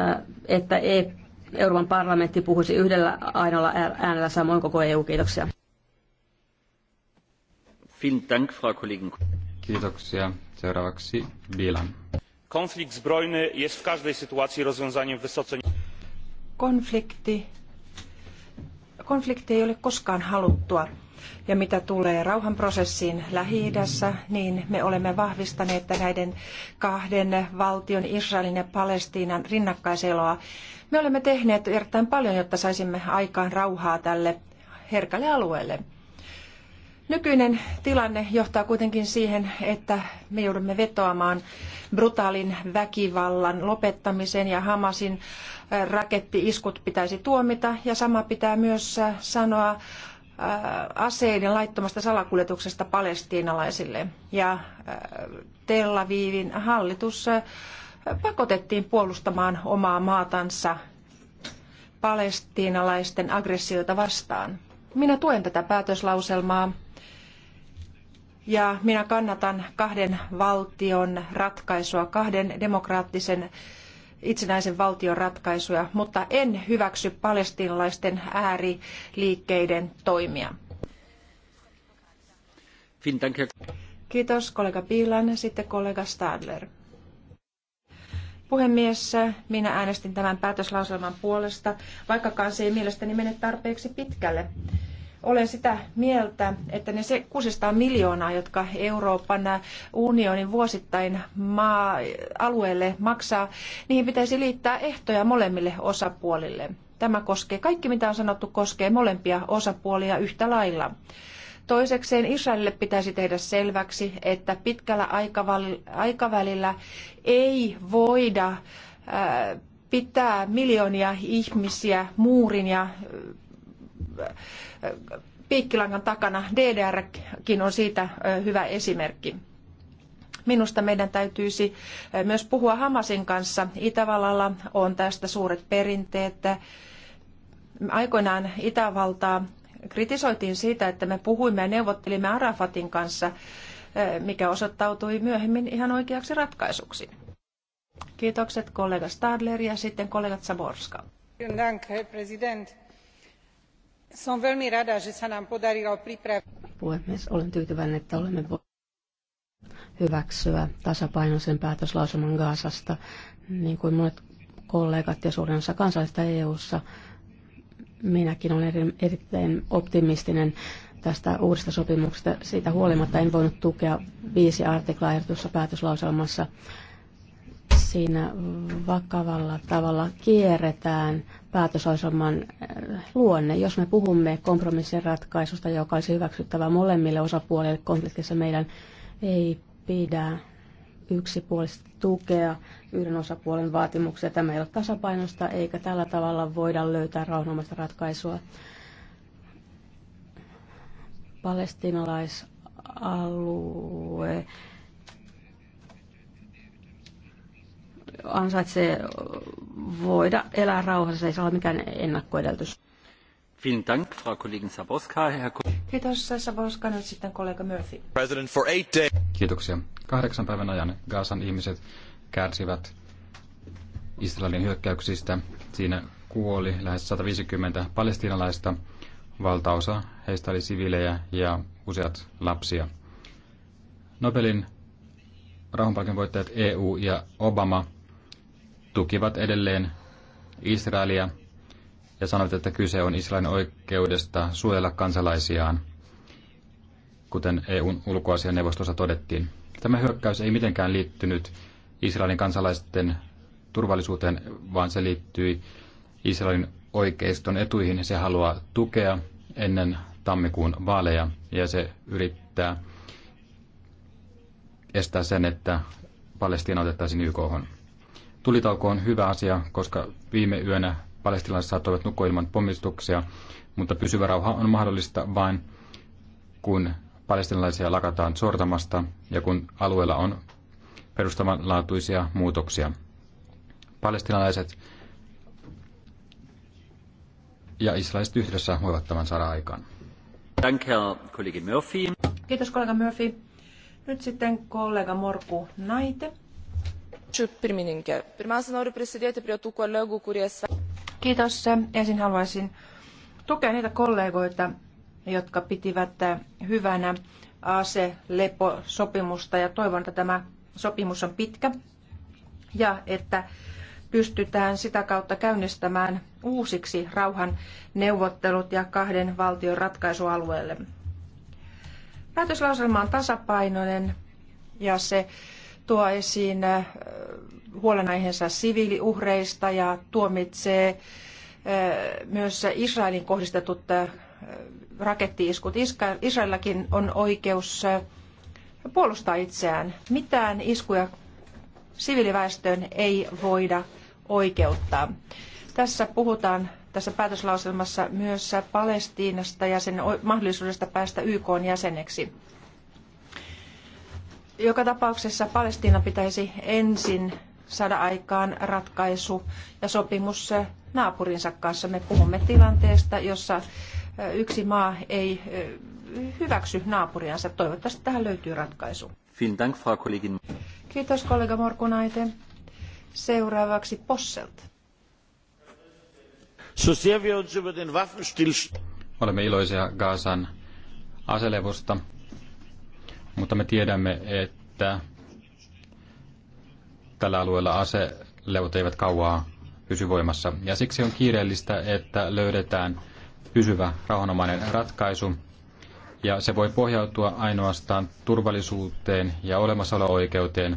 äh, että e- Euroopan parlamentti puhuisi yhdellä ainoalla äänellä samoin koko EU. Kiitoksia. Dank, Frau Kollegin. Kiitoksia. Seuraavaksi Bilan konflikt zbrojny jest w każdej sytuacji rozwiązaniem wysoce konflikti konflikti ei ole koskaan haluttua ja mitä tulee rauhanprosessiin Lähi-idässä, niin me olemme vahvistaneet näiden kahden valtion, Israelin ja Palestiinan rinnakkaiseloa. Me olemme tehneet erittäin paljon, jotta saisimme aikaan rauhaa tälle herkälle alueelle. Nykyinen tilanne johtaa kuitenkin siihen, että me joudumme vetoamaan brutaalin väkivallan lopettamiseen ja Hamasin äh, rakettiiskut pitäisi tuomita ja sama pitää myös äh, sanoa äh, aseiden laittomasta salakuljetuksesta palestiinalaisille. Ja Tel Avivin hallitus pakotettiin puolustamaan omaa maatansa palestiinalaisten aggressioita vastaan. Minä tuen tätä päätöslauselmaa ja minä kannatan kahden valtion ratkaisua, kahden demokraattisen itsenäisen valtion ratkaisuja, mutta en hyväksy palestinalaisten ääriliikkeiden toimia. Kiitos kollega Piilan, sitten kollega Stadler. Puhemies, minä äänestin tämän päätöslauselman puolesta, vaikkakaan se ei mielestäni mene tarpeeksi pitkälle. Olen sitä mieltä, että ne se 600 miljoonaa, jotka Euroopan unionin vuosittain maa, alueelle maksaa, niihin pitäisi liittää ehtoja molemmille osapuolille. Tämä koskee, kaikki mitä on sanottu, koskee molempia osapuolia yhtä lailla. Toisekseen Israelille pitäisi tehdä selväksi, että pitkällä aikavälillä ei voida pitää miljoonia ihmisiä muurin ja piikkilangan takana. DDRkin on siitä hyvä esimerkki. Minusta meidän täytyisi myös puhua Hamasin kanssa. Itävallalla on tästä suuret perinteet. Aikoinaan Itävaltaa kritisoitiin siitä, että me puhuimme ja neuvottelimme Arafatin kanssa, mikä osoittautui myöhemmin ihan oikeaksi ratkaisuksi. Kiitokset kollega Stadler ja sitten kollega Zaborska. Dank, som veľmi rada, že sa nám podarilo pripraviť. Puhemies, olen tyytyväinen, että olemme hyväksyä tasapainoisen päätöslausuman Gaasasta, niin kuin monet kollegat ja suurin osa kansallista EU-ssa. Minäkin olen erittäin optimistinen tästä uudesta sopimuksesta. Siitä huolimatta en voinut tukea viisi artiklaa ehdotussa päätöslauselmassa siinä vakavalla tavalla kierretään päätösohjelman äh, luonne. Jos me puhumme kompromissin ratkaisusta, joka olisi hyväksyttävä molemmille osapuolille konfliktissa, meidän ei pidä yksipuolisesti tukea yhden osapuolen vaatimuksia. Tämä ei ole tasapainosta, eikä tällä tavalla voida löytää rauhanomaista ratkaisua. Palestinalaisalue ansaitsee voida elää rauhassa, se ei saa olla mikään ennakkoedeltys. Dank, Frau Saboska. Herr... Kiitos Saboska, nyt sitten kollega Murphy. President for eight day. Kiitoksia. Kahdeksan päivän ajan Gaasan ihmiset kärsivät Israelin hyökkäyksistä. Siinä kuoli lähes 150 palestiinalaista. Valtaosa heistä oli siviilejä ja useat lapsia. Nobelin rauhanpalkinnon voittajat EU ja Obama tukivat edelleen Israelia ja sanoivat, että kyse on Israelin oikeudesta suojella kansalaisiaan, kuten EUn ulkoasianneuvostossa todettiin. Tämä hyökkäys ei mitenkään liittynyt Israelin kansalaisten turvallisuuteen, vaan se liittyi Israelin oikeiston etuihin. Se haluaa tukea ennen tammikuun vaaleja ja se yrittää estää sen, että Palestiina otettaisiin YKhon. Tulitauko on hyvä asia, koska viime yönä palestilaiset saattoivat nukkua ilman pommistuksia, mutta pysyvä rauha on mahdollista vain, kun palestinalaisia lakataan sortamasta ja kun alueella on perustavanlaatuisia muutoksia. Palestinalaiset ja israeliset yhdessä voivat tämän saada aikaan. Kiitos kollega Murphy. Nyt sitten kollega Morku Naite. Pirmiausia, noriu prisidėti prie tų kollegų, kurie... Kiitos. Ensin haluaisin tukea niitä kollegoita, jotka pitivät eh, hyvänä ASE-lepo-sopimusta ja toivon, että tämä sopimus on pitkä ja että pystytään sitä kautta käynnistämään uusiksi rauhan neuvottelut ja kahden valtion ratkaisualueelle. Päätöslauselma on tasapainoinen ja se tuo esiin äh, huolenaiheensa siviiliuhreista ja tuomitsee äh, myös Israelin kohdistetut äh, rakettiiskut. Israelillakin on oikeus puolustaa itseään. Mitään iskuja siviiliväestöön ei voida oikeuttaa. Tässä puhutaan tässä päätöslauselmassa myös Palestiinasta ja sen mahdollisuudesta päästä YK jäseneksi. Joka tapauksessa Palestiina pitäisi ensin saada aikaan ratkaisu ja sopimus naapurinsa kanssa. Me puhumme tilanteesta, jossa yksi maa ei hyväksy naapuriansa. Toivottavasti tähän löytyy ratkaisu. Dank, Frau Kiitos kollega Morkunaite. Seuraavaksi Posselt. Olemme iloisia Gaasan aselevusta mutta me tiedämme, että tällä alueella aselevot eivät kauaa pysy voimassa. Ja siksi on kiireellistä, että löydetään pysyvä rauhanomainen ratkaisu. Ja se voi pohjautua ainoastaan turvallisuuteen ja olemassaolo-oikeuteen.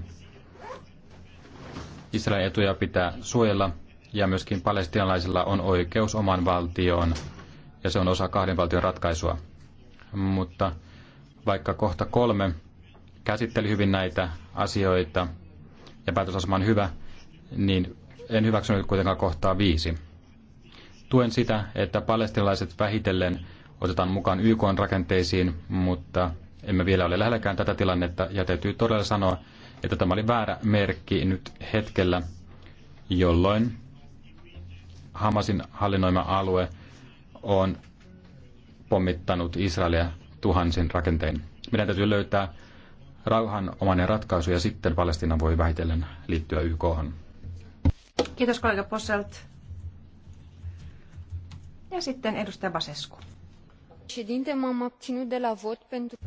Israelin etuja pitää suojella ja myöskin palestinalaisilla on oikeus oman valtioon ja se on osa kahden valtion ratkaisua. Mutta vaikka kohta kolme käsitteli hyvin näitä asioita ja päätösasema on hyvä, niin en hyväksynyt kuitenkaan kohtaa viisi. Tuen sitä, että palestinalaiset vähitellen otetaan mukaan YK rakenteisiin, mutta emme vielä ole lähelläkään tätä tilannetta ja täytyy todella sanoa, että tämä oli väärä merkki nyt hetkellä, jolloin Hamasin hallinnoima alue on pommittanut Israelia tuhansin rakentein. Meidän täytyy löytää rauhanomainen ratkaisu ja sitten Palestina voi vähitellen liittyä YK. :han. Kiitos kollega Posselt. Ja sitten edustaja Basescu.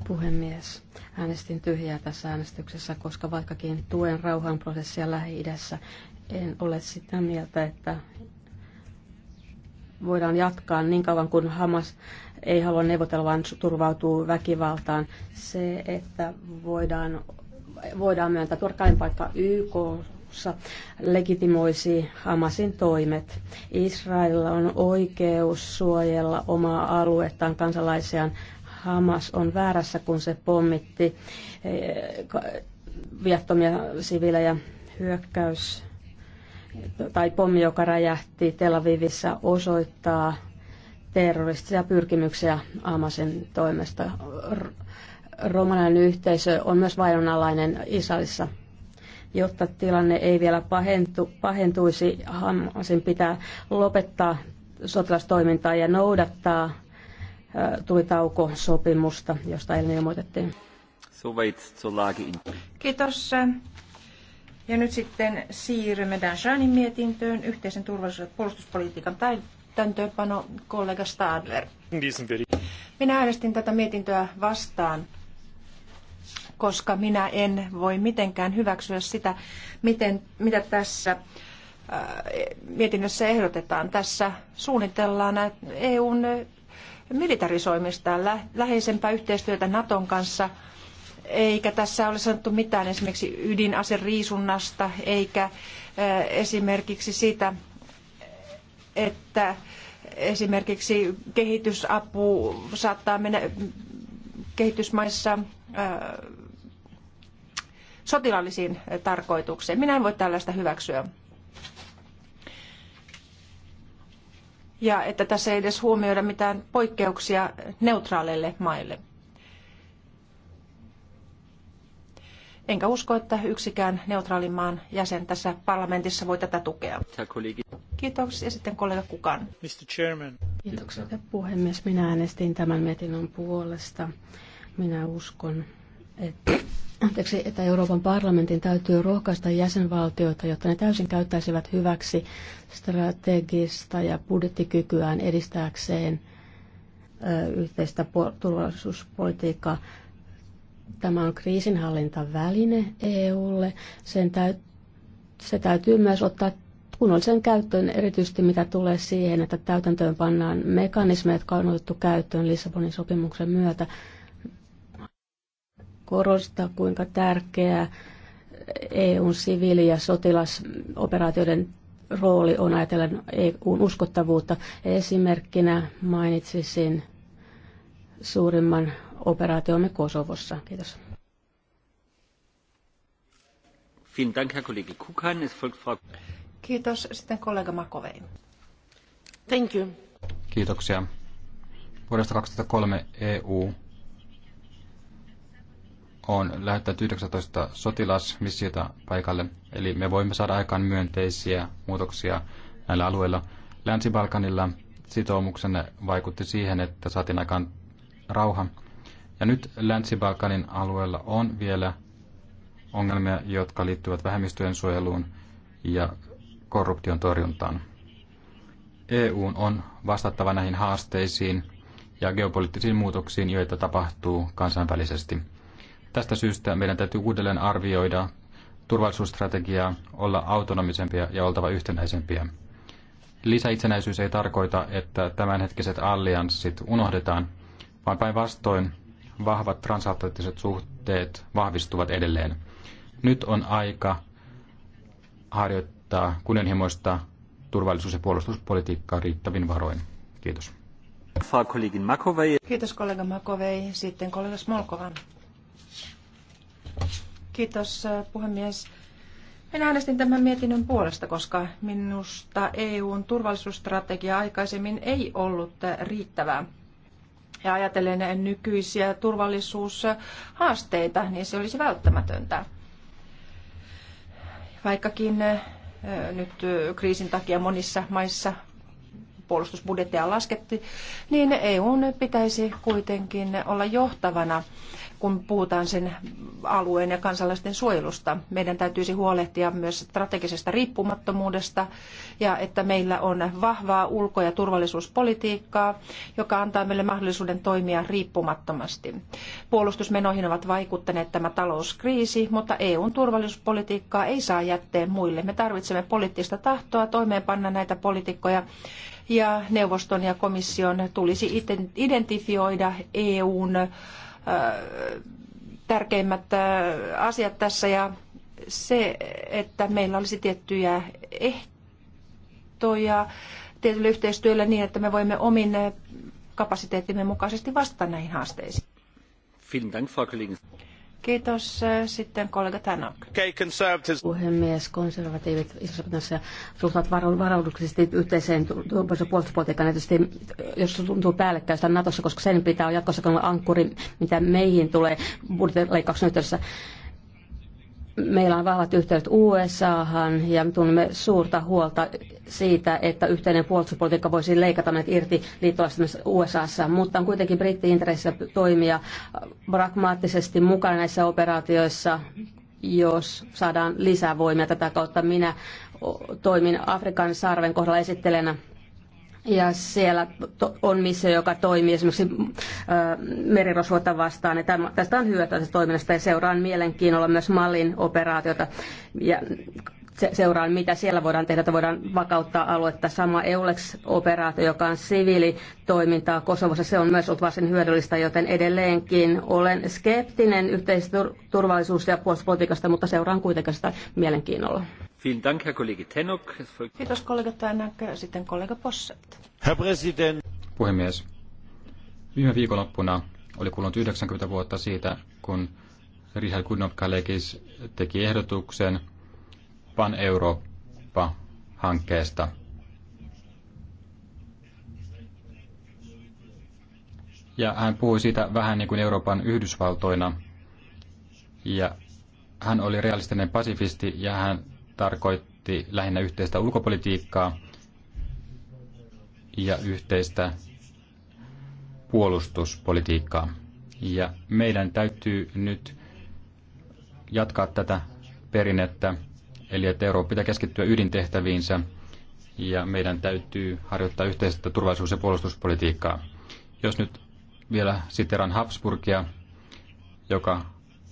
Puhemies, äänestin tyhjää tässä äänestyksessä, koska vaikkakin tuen rauhanprosessia Lähi-idässä, en ole sitä mieltä, että voidaan jatkaa niin kauan kuin Hamas ei halua neuvotella, vaan turvautuu väkivaltaan. Se, että voidaan, voidaan myöntää Turkkain paikka YK legitimoisi Hamasin toimet. Israelilla on oikeus suojella omaa aluettaan kansalaisiaan. Hamas on väärässä, kun se pommitti eh, viattomia siviilejä hyökkäys tai pommi, joka räjähti Tel Avivissa, osoittaa terroristisia pyrkimyksiä Amasin toimesta. Romanian yhteisö on myös vainonalainen Israelissa. Jotta tilanne ei vielä pahentu, pahentuisi, Hamasin pitää lopettaa sotilastoimintaa ja noudattaa tulitaukosopimusta, josta eilen ilmoitettiin. Kiitos. Ja nyt sitten siirrymme Danjanin mietintöön yhteisen turvallisuus- ja puolustuspolitiikan täytäntöönpano kollega Stadler. Minä äänestin tätä mietintöä vastaan, koska minä en voi mitenkään hyväksyä sitä, miten, mitä tässä äh, mietinnössä ehdotetaan. Tässä suunnitellaan EUn militarisoimista, läheisempää yhteistyötä Naton kanssa – eikä tässä ole sanottu mitään esimerkiksi ydinaseriisunnasta eikä esimerkiksi siitä, että esimerkiksi kehitysapu saattaa mennä kehitysmaissa sotilaallisiin tarkoituksiin. Minä en voi tällaista hyväksyä. Ja että tässä ei edes huomioida mitään poikkeuksia neutraaleille maille. Enkä usko, että yksikään neutraalin maan jäsen tässä parlamentissa voi tätä tukea. Kiitoksia ja sitten kollega Kukan. Mr. Chairman. Kiitoksia puhemies. Minä äänestin tämän mietinnön puolesta. Minä uskon, että anteeksi, että Euroopan parlamentin täytyy rohkaista jäsenvaltioita, jotta ne täysin käyttäisivät hyväksi strategista ja budjettikykyään edistääkseen yhteistä turvallisuuspolitiikkaa. Tämä on kriisinhallintaväline EUlle. Sen täyt, se täytyy myös ottaa kunnollisen käyttöön, erityisesti mitä tulee siihen, että täytäntöön pannaan mekanismeja, jotka on otettu käyttöön Lissabonin sopimuksen myötä. Korostaa, kuinka tärkeää EUn siviili- ja sotilasoperaatioiden rooli on ajatellen EUn uskottavuutta. Esimerkkinä mainitsisin suurimman operaatiomme Kosovossa. Kiitos. Kiitos. Sitten kollega Makovein. Thank you. Kiitoksia. Vuodesta 2003 EU on lähettänyt 19 sotilasmissiota paikalle, eli me voimme saada aikaan myönteisiä muutoksia näillä alueilla. Länsi-Balkanilla sitoumuksenne vaikutti siihen, että saatiin aikaan rauha. Ja nyt Länsi-Balkanin alueella on vielä ongelmia, jotka liittyvät vähemmistöjen suojeluun ja korruption torjuntaan. EU on vastattava näihin haasteisiin ja geopoliittisiin muutoksiin, joita tapahtuu kansainvälisesti. Tästä syystä meidän täytyy uudelleen arvioida turvallisuusstrategiaa, olla autonomisempia ja oltava yhtenäisempiä. Lisäitsenäisyys ei tarkoita, että tämänhetkiset allianssit unohdetaan, vaan päinvastoin vahvat transatlanttiset suhteet vahvistuvat edelleen. Nyt on aika harjoittaa kunnianhimoista turvallisuus- ja puolustuspolitiikkaa riittävin varoin. Kiitos. Kiitos kollega Makovei. Sitten kollega Smolkovan. Kiitos puhemies. Minä äänestin tämän mietinnön puolesta, koska minusta EUn turvallisuusstrategia aikaisemmin ei ollut riittävää ja ajatellen nykyisiä turvallisuushaasteita, niin se olisi välttämätöntä. Vaikkakin eh, nyt eh, kriisin takia monissa maissa puolustusbudjettia laskettiin, niin EUn pitäisi kuitenkin olla johtavana kun puhutaan sen alueen ja kansalaisten suojelusta. Meidän täytyisi huolehtia myös strategisesta riippumattomuudesta ja että meillä on vahvaa ulko- ja turvallisuuspolitiikkaa, joka antaa meille mahdollisuuden toimia riippumattomasti. Puolustusmenoihin ovat vaikuttaneet tämä talouskriisi, mutta EUn turvallisuuspolitiikkaa ei saa jätteen muille. Me tarvitsemme poliittista tahtoa toimeenpanna näitä poliitikkoja ja neuvoston ja komission tulisi identifioida EUn tärkeimmät asiat tässä ja se, että meillä olisi tiettyjä ehtoja tietylle yhteistyölle niin, että me voimme omin kapasiteettimme mukaisesti vastata näihin haasteisiin. Kiitos. Sitten kollega Tanok. Okay, Puhemies, konservatiivit isossa britanniassa suhtautuvat varauduksellisesti yhteiseen turvallisuus- ja puolustuspolitiikkaan, tietysti jos tuntuu päällekkäistä Natossa, koska sen pitää olla jatkossa olla ankkuri, mitä meihin tulee budjettileikkauksen yhteydessä. Meillä on vahvat yhteydet USAhan ja me tunnemme suurta huolta siitä, että yhteinen puolustuspolitiikka voisi leikata meitä irti liittolaisista USAssa, mutta on kuitenkin britti-intressissä toimia pragmaattisesti mukana näissä operaatioissa, jos saadaan lisää voimia. Tätä kautta minä toimin Afrikan sarven kohdalla esittelenä ja siellä on missio, joka toimii esimerkiksi merirosvuotta vastaan. Ja tästä on hyötyä tästä toiminnasta ja seuraan mielenkiinnolla myös Malin operaatiota. Ja seuraan, mitä siellä voidaan tehdä, että voidaan vakauttaa aluetta. Sama EULEX-operaatio, joka on siviilitoimintaa Kosovossa, se on myös ollut varsin hyödyllistä, joten edelleenkin olen skeptinen yhteisturvallisuus- ja puolustuspolitiikasta, mutta seuraan kuitenkin sitä mielenkiinnolla. Herr Puhemies. Viime viikonloppuna oli kulunut 90 vuotta siitä, kun Richard Kudnow-Kalekis teki ehdotuksen Pan-Eurooppa-hankkeesta. Ja hän puhui siitä vähän niin kuin Euroopan Yhdysvaltoina. Ja hän oli realistinen pasifisti ja hän tarkoitti lähinnä yhteistä ulkopolitiikkaa ja yhteistä puolustuspolitiikkaa. Ja meidän täytyy nyt jatkaa tätä perinnettä, eli että Eurooppa pitää keskittyä ydintehtäviinsä ja meidän täytyy harjoittaa yhteistä turvallisuus- ja puolustuspolitiikkaa. Jos nyt vielä siteran Habsburgia, joka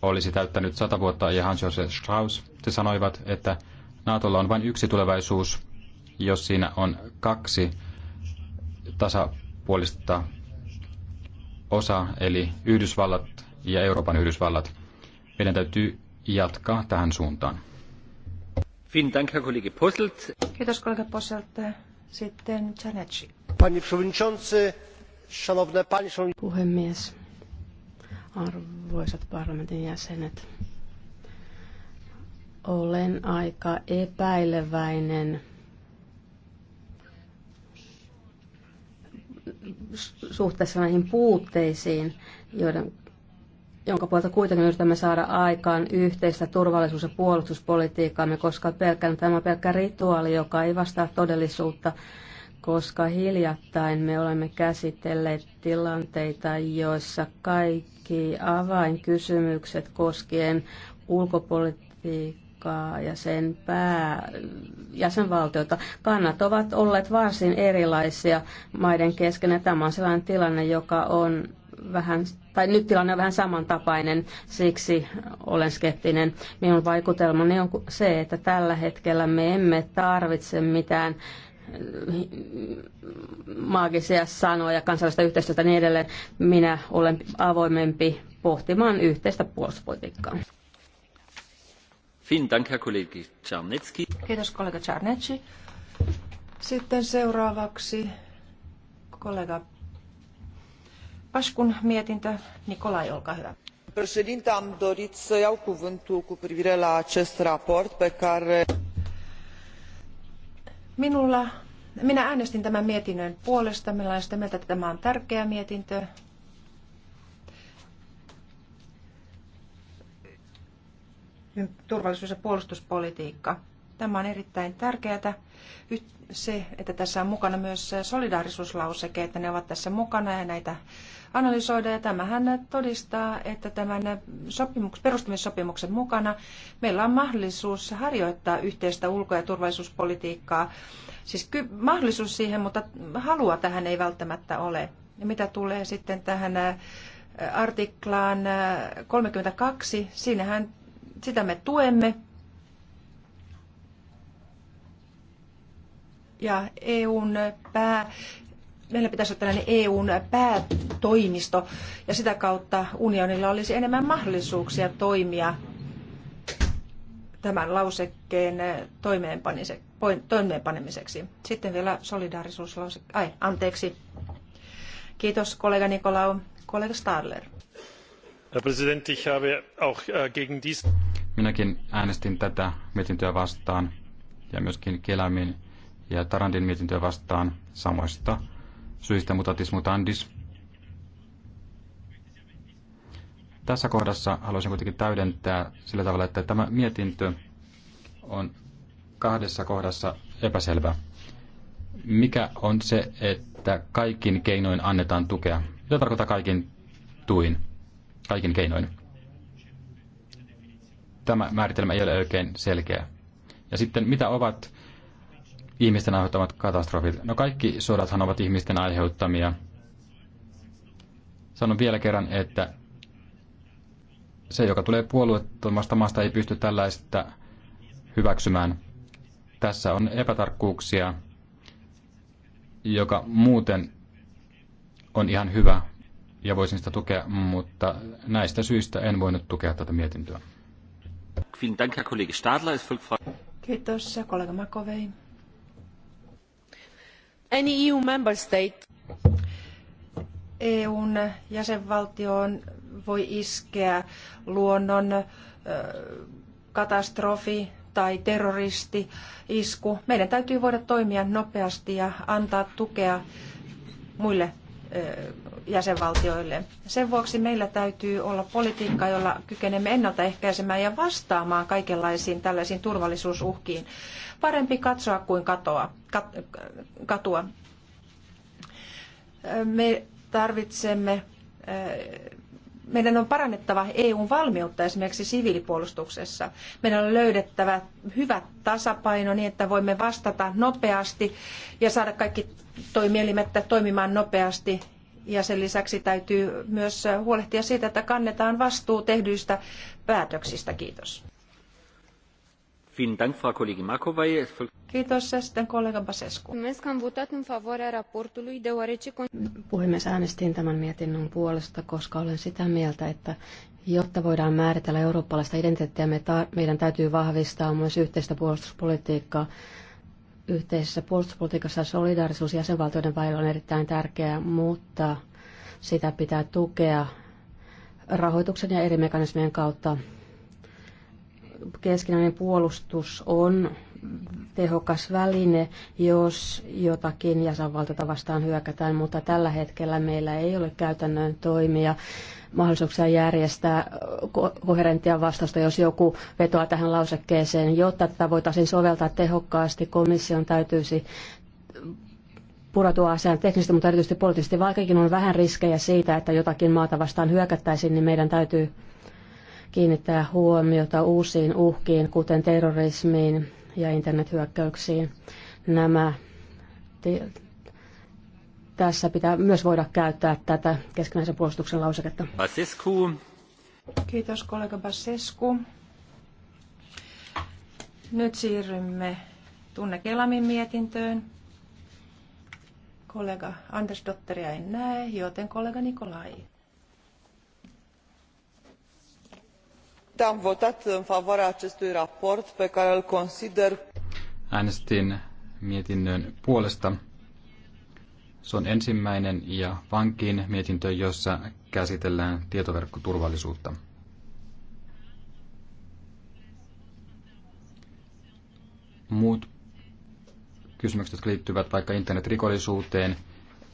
olisi täyttänyt sata vuotta, ja Hans Josef Strauss, te sanoivat, että NATOlla on vain yksi tulevaisuus, jos siinä on kaksi tasapuolista osa, eli Yhdysvallat ja Euroopan Yhdysvallat. Meidän täytyy jatkaa tähän suuntaan. Kiitos kollega Posselt. Sitten Czanecki. Panie przewodniczący, szanowne panie, szanowni... Puhemies, arvoisat parlamentin jäsenet. Olen aika epäileväinen suhteessa näihin puutteisiin, joiden, jonka puolta kuitenkin yritämme saada aikaan yhteistä turvallisuus- ja puolustuspolitiikkaamme, koska pelkän, tämä pelkkä rituaali, joka ei vastaa todellisuutta, koska hiljattain me olemme käsitelleet tilanteita, joissa kaikki avainkysymykset koskien ulkopolitiikkaa, Kreikkaa ja sen pää jäsenvaltiota. Kannat ovat olleet varsin erilaisia maiden kesken ja tämä on sellainen tilanne, joka on vähän, tai nyt tilanne on vähän samantapainen, siksi olen skeptinen. Minun vaikutelmani on se, että tällä hetkellä me emme tarvitse mitään hm, maagisia sanoja, kansallista yhteistyötä ja niin edelleen. Minä olen avoimempi pohtimaan yhteistä puolustuspolitiikkaa. Kiitos kollega Czarnecki. Sitten seuraavaksi kollega Pașcun, mietintö. Nikolai olkaa hyvä. Președinte, am dorit să iau cuvântul cu privire la acest raport pe care... Minulla, minä äänestin tämän mietinnön puolesta. Minä olen sitä mieltä, että tämä on tärkeä mietintö, turvallisuus- ja puolustuspolitiikka. Tämä on erittäin tärkeää. Se, että tässä on mukana myös solidaarisuuslauseke, että ne ovat tässä mukana ja näitä analysoidaan. Ja tämähän todistaa, että tämän sopimuks, perustamissopimuksen mukana meillä on mahdollisuus harjoittaa yhteistä ulko- ja turvallisuuspolitiikkaa. Siis ky- mahdollisuus siihen, mutta halua tähän ei välttämättä ole. Ja mitä tulee sitten tähän artiklaan 32, siinähän sitä me tuemme. Ja EUn pää, meillä pitäisi olla tällainen EUn päätoimisto ja sitä kautta unionilla olisi enemmän mahdollisuuksia toimia tämän lausekkeen toimeenpanemiseksi. Sitten vielä solidaarisuuslausekkeen. Ai, anteeksi. Kiitos kollega Nikolau, kollega Stadler. Äh, Minäkin äänestin tätä mietintöä vastaan ja myöskin Kelamin ja Tarandin mietintöä vastaan samoista syistä mutatis mutandis. Tässä kohdassa haluaisin kuitenkin täydentää sillä tavalla, että tämä mietintö on kahdessa kohdassa epäselvä. Mikä on se, että kaikin keinoin annetaan tukea? Mitä tarkoittaa kaikin tuin? kaikin keinoin. Tämä määritelmä ei ole oikein selkeä. Ja sitten mitä ovat ihmisten aiheuttamat katastrofit? No kaikki sodathan ovat ihmisten aiheuttamia. Sanon vielä kerran, että se, joka tulee puolueettomasta maasta, ei pysty tällaista hyväksymään. Tässä on epätarkkuuksia, joka muuten on ihan hyvä ja voisin sitä tukea, mutta näistä syistä en voinut tukea tätä mietintöä. Kiitos, kollega Makovei. Any EU member state. EUn jäsenvaltioon voi iskeä luonnon katastrofi tai terroristi isku. Meidän täytyy voida toimia nopeasti ja antaa tukea muille jäsenvaltioille. Sen vuoksi meillä täytyy olla politiikka, jolla kykenemme ennaltaehkäisemään ja vastaamaan kaikenlaisiin tällaisiin turvallisuusuhkiin. Parempi katsoa kuin katoa, kat, katua. Me tarvitsemme meidän on parannettava EUn valmiutta esimerkiksi siviilipuolustuksessa. Meidän on löydettävä hyvä tasapaino niin, että voimme vastata nopeasti ja saada kaikki toimielimet toimimaan nopeasti. Ja sen lisäksi täytyy myös huolehtia siitä, että kannetaan vastuu tehdyistä päätöksistä. Kiitos. Kiitos. Am votat în favoarea raportului, deoarece... Puhemies, äänestin tämän mietinnön puolesta, koska olen sitä mieltä, että jotta voidaan määritellä eurooppalaista identiteettiä, me meidän täytyy vahvistaa myös yhteistä puolustuspolitiikkaa. Yhteisessä puolustuspolitiikassa solidaarisuus jäsenvaltioiden välillä on erittäin tärkeää, mutta sitä pitää tukea rahoituksen ja eri mekanismien kautta keskinäinen puolustus on tehokas väline, jos jotakin jäsenvaltiota vastaan hyökätään, mutta tällä hetkellä meillä ei ole käytännön toimia mahdollisuuksia järjestää koherenttia vastausta, jos joku vetoaa tähän lausekkeeseen. Jotta tätä voitaisiin soveltaa tehokkaasti, komission täytyisi puratua asiaan teknisesti, mutta erityisesti poliittisesti. Vaikkakin on vähän riskejä siitä, että jotakin maata vastaan hyökättäisiin, niin meidän täytyy kiinnittää huomiota uusiin uhkiin, kuten terrorismiin ja internethyökkäyksiin. Nämä tässä pitää myös voida käyttää tätä keskinäisen puolustuksen lauseketta. Basescu. Kiitos kollega Basescu. Nyt siirrymme Tunne Kelamin mietintöön. Kollega Anders Dotteria en näe, joten kollega Nikolai. am votat în favoarea acestui raport pe care îl consider Äänestin mietinnön puolesta. Se on ensimmäinen ja vankin mietintö, jossa käsitellään tietoverkkoturvallisuutta. Muut kysymykset, jotka liittyvät vaikka internetrikollisuuteen,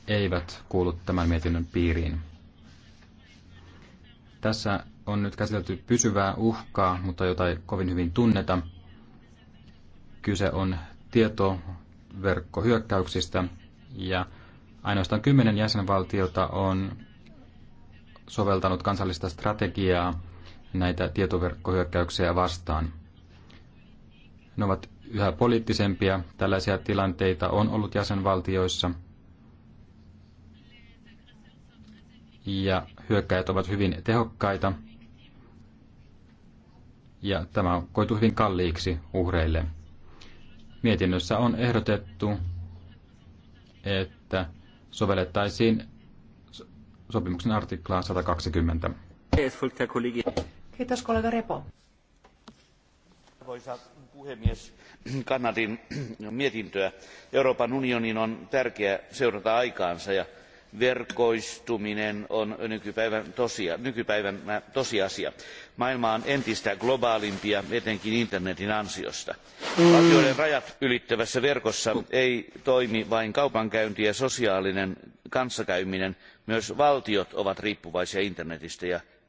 eivät kuulu tämän mietinnön piiriin. Tässä on nyt käsitelty pysyvää uhkaa, mutta jota ei kovin hyvin tunneta. Kyse on tietoverkkohyökkäyksistä ja ainoastaan kymmenen jäsenvaltiota on soveltanut kansallista strategiaa näitä tietoverkkohyökkäyksiä vastaan. Ne ovat yhä poliittisempia. Tällaisia tilanteita on ollut jäsenvaltioissa. Ja hyökkäjät ovat hyvin tehokkaita – ja tämä koitu hyvin kalliiksi uhreille. Mietinnössä on ehdotettu, että sovellettaisiin sopimuksen artiklaa 120. Kiitos kollega Repo. Arvoisa puhemies, kannatin mietintöä. Euroopan unionin on tärkeää seurata aikaansa ja verkoistuminen on nykypäivän, tosia, äh, tosiasia. maailma on entistä ja etenkin internetin ansiosta. Mm. valtioiden rajat ylittävässä verkossa ei toimi vain kaupankäynti ja sosiaalinen kanssakäyminen myös valtiot ovat riippuvaisia internetistä ja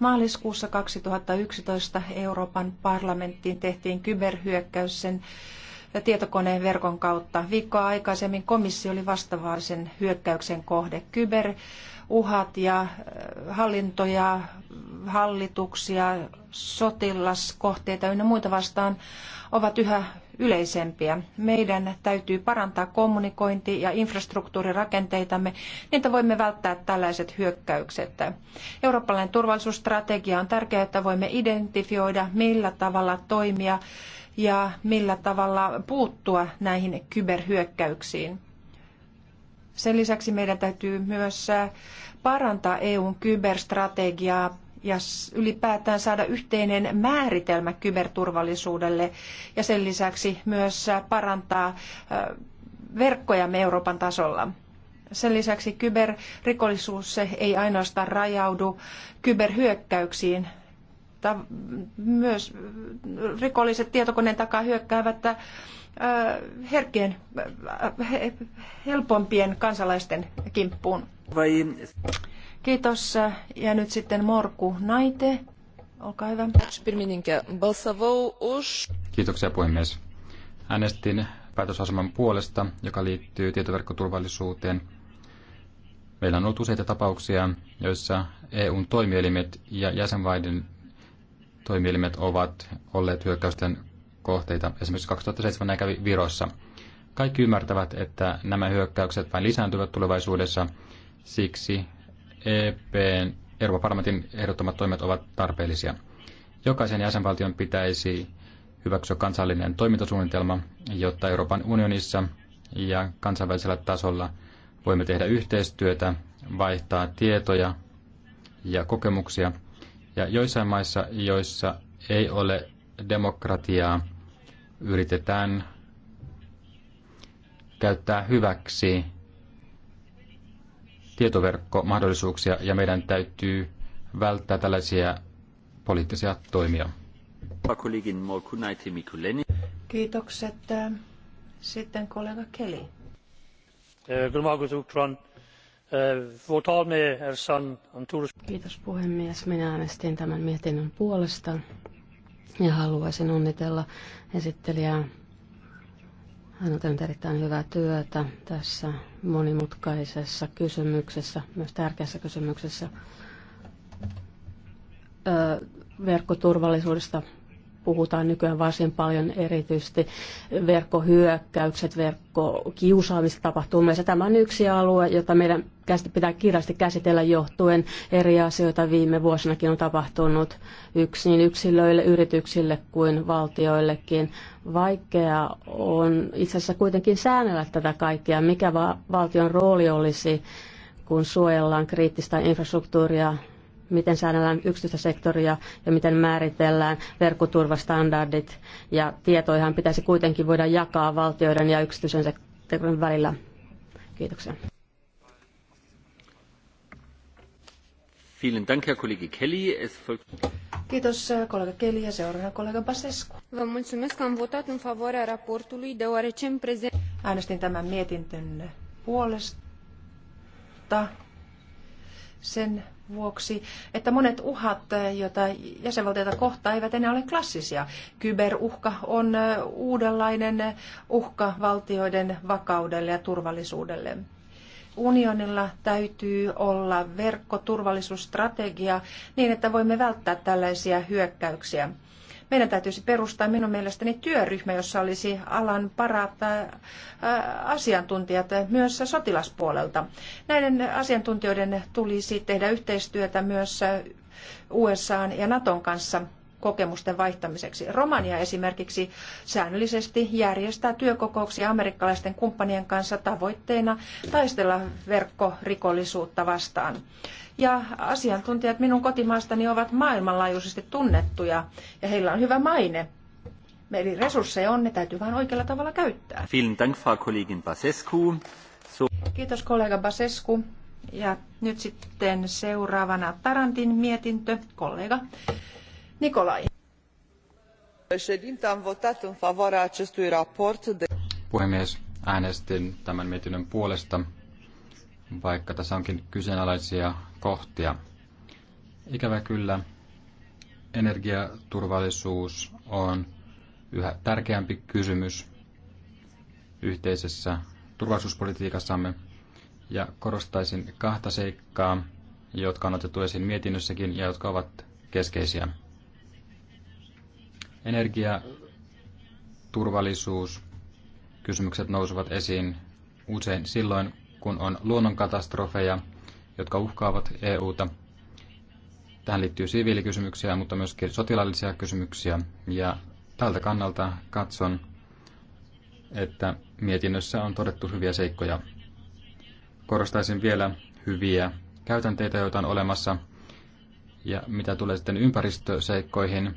Maaliskuussa 2011 Euroopan parlamenttiin tehtiin kyberhyökkäys sen tietokoneen verkon kautta. Viikkoa aikaisemmin komissio oli vastaavaisen hyökkäyksen kohde. Kyberuhat ja äh, hallintoja, hallituksia, sotilaskohteita ynnä muita vastaan ovat yhä yleisempiä. Meidän täytyy parantaa kommunikointi- ja infrastruktuurirakenteitamme, niin että voimme välttää tällaiset hyökkäykset. Eurooppalainen turvallisuusstrategia on tärkeää, että voimme identifioida, millä tavalla toimia ja millä tavalla puuttua näihin kyberhyökkäyksiin. Sen lisäksi meidän täytyy myös parantaa EUn kyberstrategiaa ja ylipäätään saada yhteinen määritelmä kyberturvallisuudelle ja sen lisäksi myös parantaa verkkojamme Euroopan tasolla. Sen lisäksi kyberrikollisuus ei ainoastaan rajaudu kyberhyökkäyksiin. Myös rikolliset tietokoneen takaa hyökkäävät herkkien, helpompien kansalaisten kimppuun. Vai... Kiitos. Ja nyt sitten Morku Naite. Olkaa hyvä. Kiitoksia puhemies. Äänestin päätösaseman puolesta, joka liittyy tietoverkkoturvallisuuteen. Meillä on ollut useita tapauksia, joissa EUn toimielimet ja jäsenvaiden toimielimet ovat olleet hyökkäysten kohteita. Esimerkiksi 2007 näin kävi Virossa. Kaikki ymmärtävät, että nämä hyökkäykset vain lisääntyvät tulevaisuudessa. Siksi EPn Euroopan parlamentin ehdottomat toimet ovat tarpeellisia. Jokaisen jäsenvaltion pitäisi hyväksyä kansallinen toimintasuunnitelma, jotta Euroopan unionissa ja kansainvälisellä tasolla voimme tehdä yhteistyötä, vaihtaa tietoja ja kokemuksia. Ja joissain maissa, joissa ei ole demokratiaa, yritetään käyttää hyväksi tietoverkkomahdollisuuksia ja meidän täytyy välttää tällaisia poliittisia toimia. Kiitokset. Sitten kollega Kelly. Kiitos puhemies. Minä äänestin tämän mietinnön puolesta ja haluaisin onnitella esittelijää hän on tehnyt erittäin hyvää työtä tässä monimutkaisessa kysymyksessä, myös tärkeässä kysymyksessä verkkoturvallisuudesta puhutaan nykyään varsin paljon erityisesti verkkohyökkäykset, verkkokiusaamista tapahtuu myös. Tämä on yksi alue, jota meidän pitää kirjallisesti käsitellä johtuen eri asioita viime vuosinakin on tapahtunut yksi, niin yksilöille, yrityksille kuin valtioillekin. Vaikea on itse asiassa kuitenkin säännellä tätä kaikkea, mikä va- valtion rooli olisi kun suojellaan kriittistä infrastruktuuria miten säännellään yksityistä sektoria ja miten määritellään verkkoturvastandardit. Ja tietoihan pitäisi kuitenkin voida jakaa valtioiden ja yksityisen sektorin välillä. Kiitoksia. Vielen Dank, Herr Kollege Kelly. Es folgt... Kiitos äh, kollega Kelly ja seuraavana kollega Basescu. Vă mulțumesc că am votat în favoarea raportului, deoarece în prezent... Äänestin tämän mietintön puolesta sen vuoksi, että monet uhat, joita jäsenvaltioita kohtaa, eivät enää ole klassisia. Kyberuhka on uudenlainen uhka valtioiden vakaudelle ja turvallisuudelle. Unionilla täytyy olla verkkoturvallisuusstrategia niin, että voimme välttää tällaisia hyökkäyksiä. Meidän täytyisi perustaa minun mielestäni työryhmä, jossa olisi alan parat asiantuntijat myös sotilaspuolelta. Näiden asiantuntijoiden tulisi tehdä yhteistyötä myös USA ja Naton kanssa kokemusten vaihtamiseksi. Romania esimerkiksi säännöllisesti järjestää työkokouksia amerikkalaisten kumppanien kanssa tavoitteena taistella verkkorikollisuutta vastaan. Ja asiantuntijat minun kotimaastani ovat maailmanlaajuisesti tunnettuja ja heillä on hyvä maine. Eli resursseja on, ne täytyy vain oikealla tavalla käyttää. Kiitos kollega Basescu. Ja nyt sitten seuraavana Tarantin mietintö, kollega am votat în favoarea acestui raport de... Puhemies, äänestin tämän mietinnön puolesta, vaikka tässä onkin kyseenalaisia kohtia. Ikävä kyllä, energiaturvallisuus on yhä tärkeämpi kysymys yhteisessä turvallisuuspolitiikassamme ja korostaisin kahta seikkaa, jotka on otettu esiin mietinnössäkin ja jotka ovat keskeisiä. Energiaturvallisuus kysymykset nousevat esiin usein silloin, kun on luonnonkatastrofeja, jotka uhkaavat EUta. Tähän liittyy siviilikysymyksiä, mutta myöskin sotilaallisia kysymyksiä. Ja tältä kannalta katson, että mietinnössä on todettu hyviä seikkoja. Korostaisin vielä hyviä käytänteitä, joita on olemassa. Ja mitä tulee sitten ympäristöseikkoihin,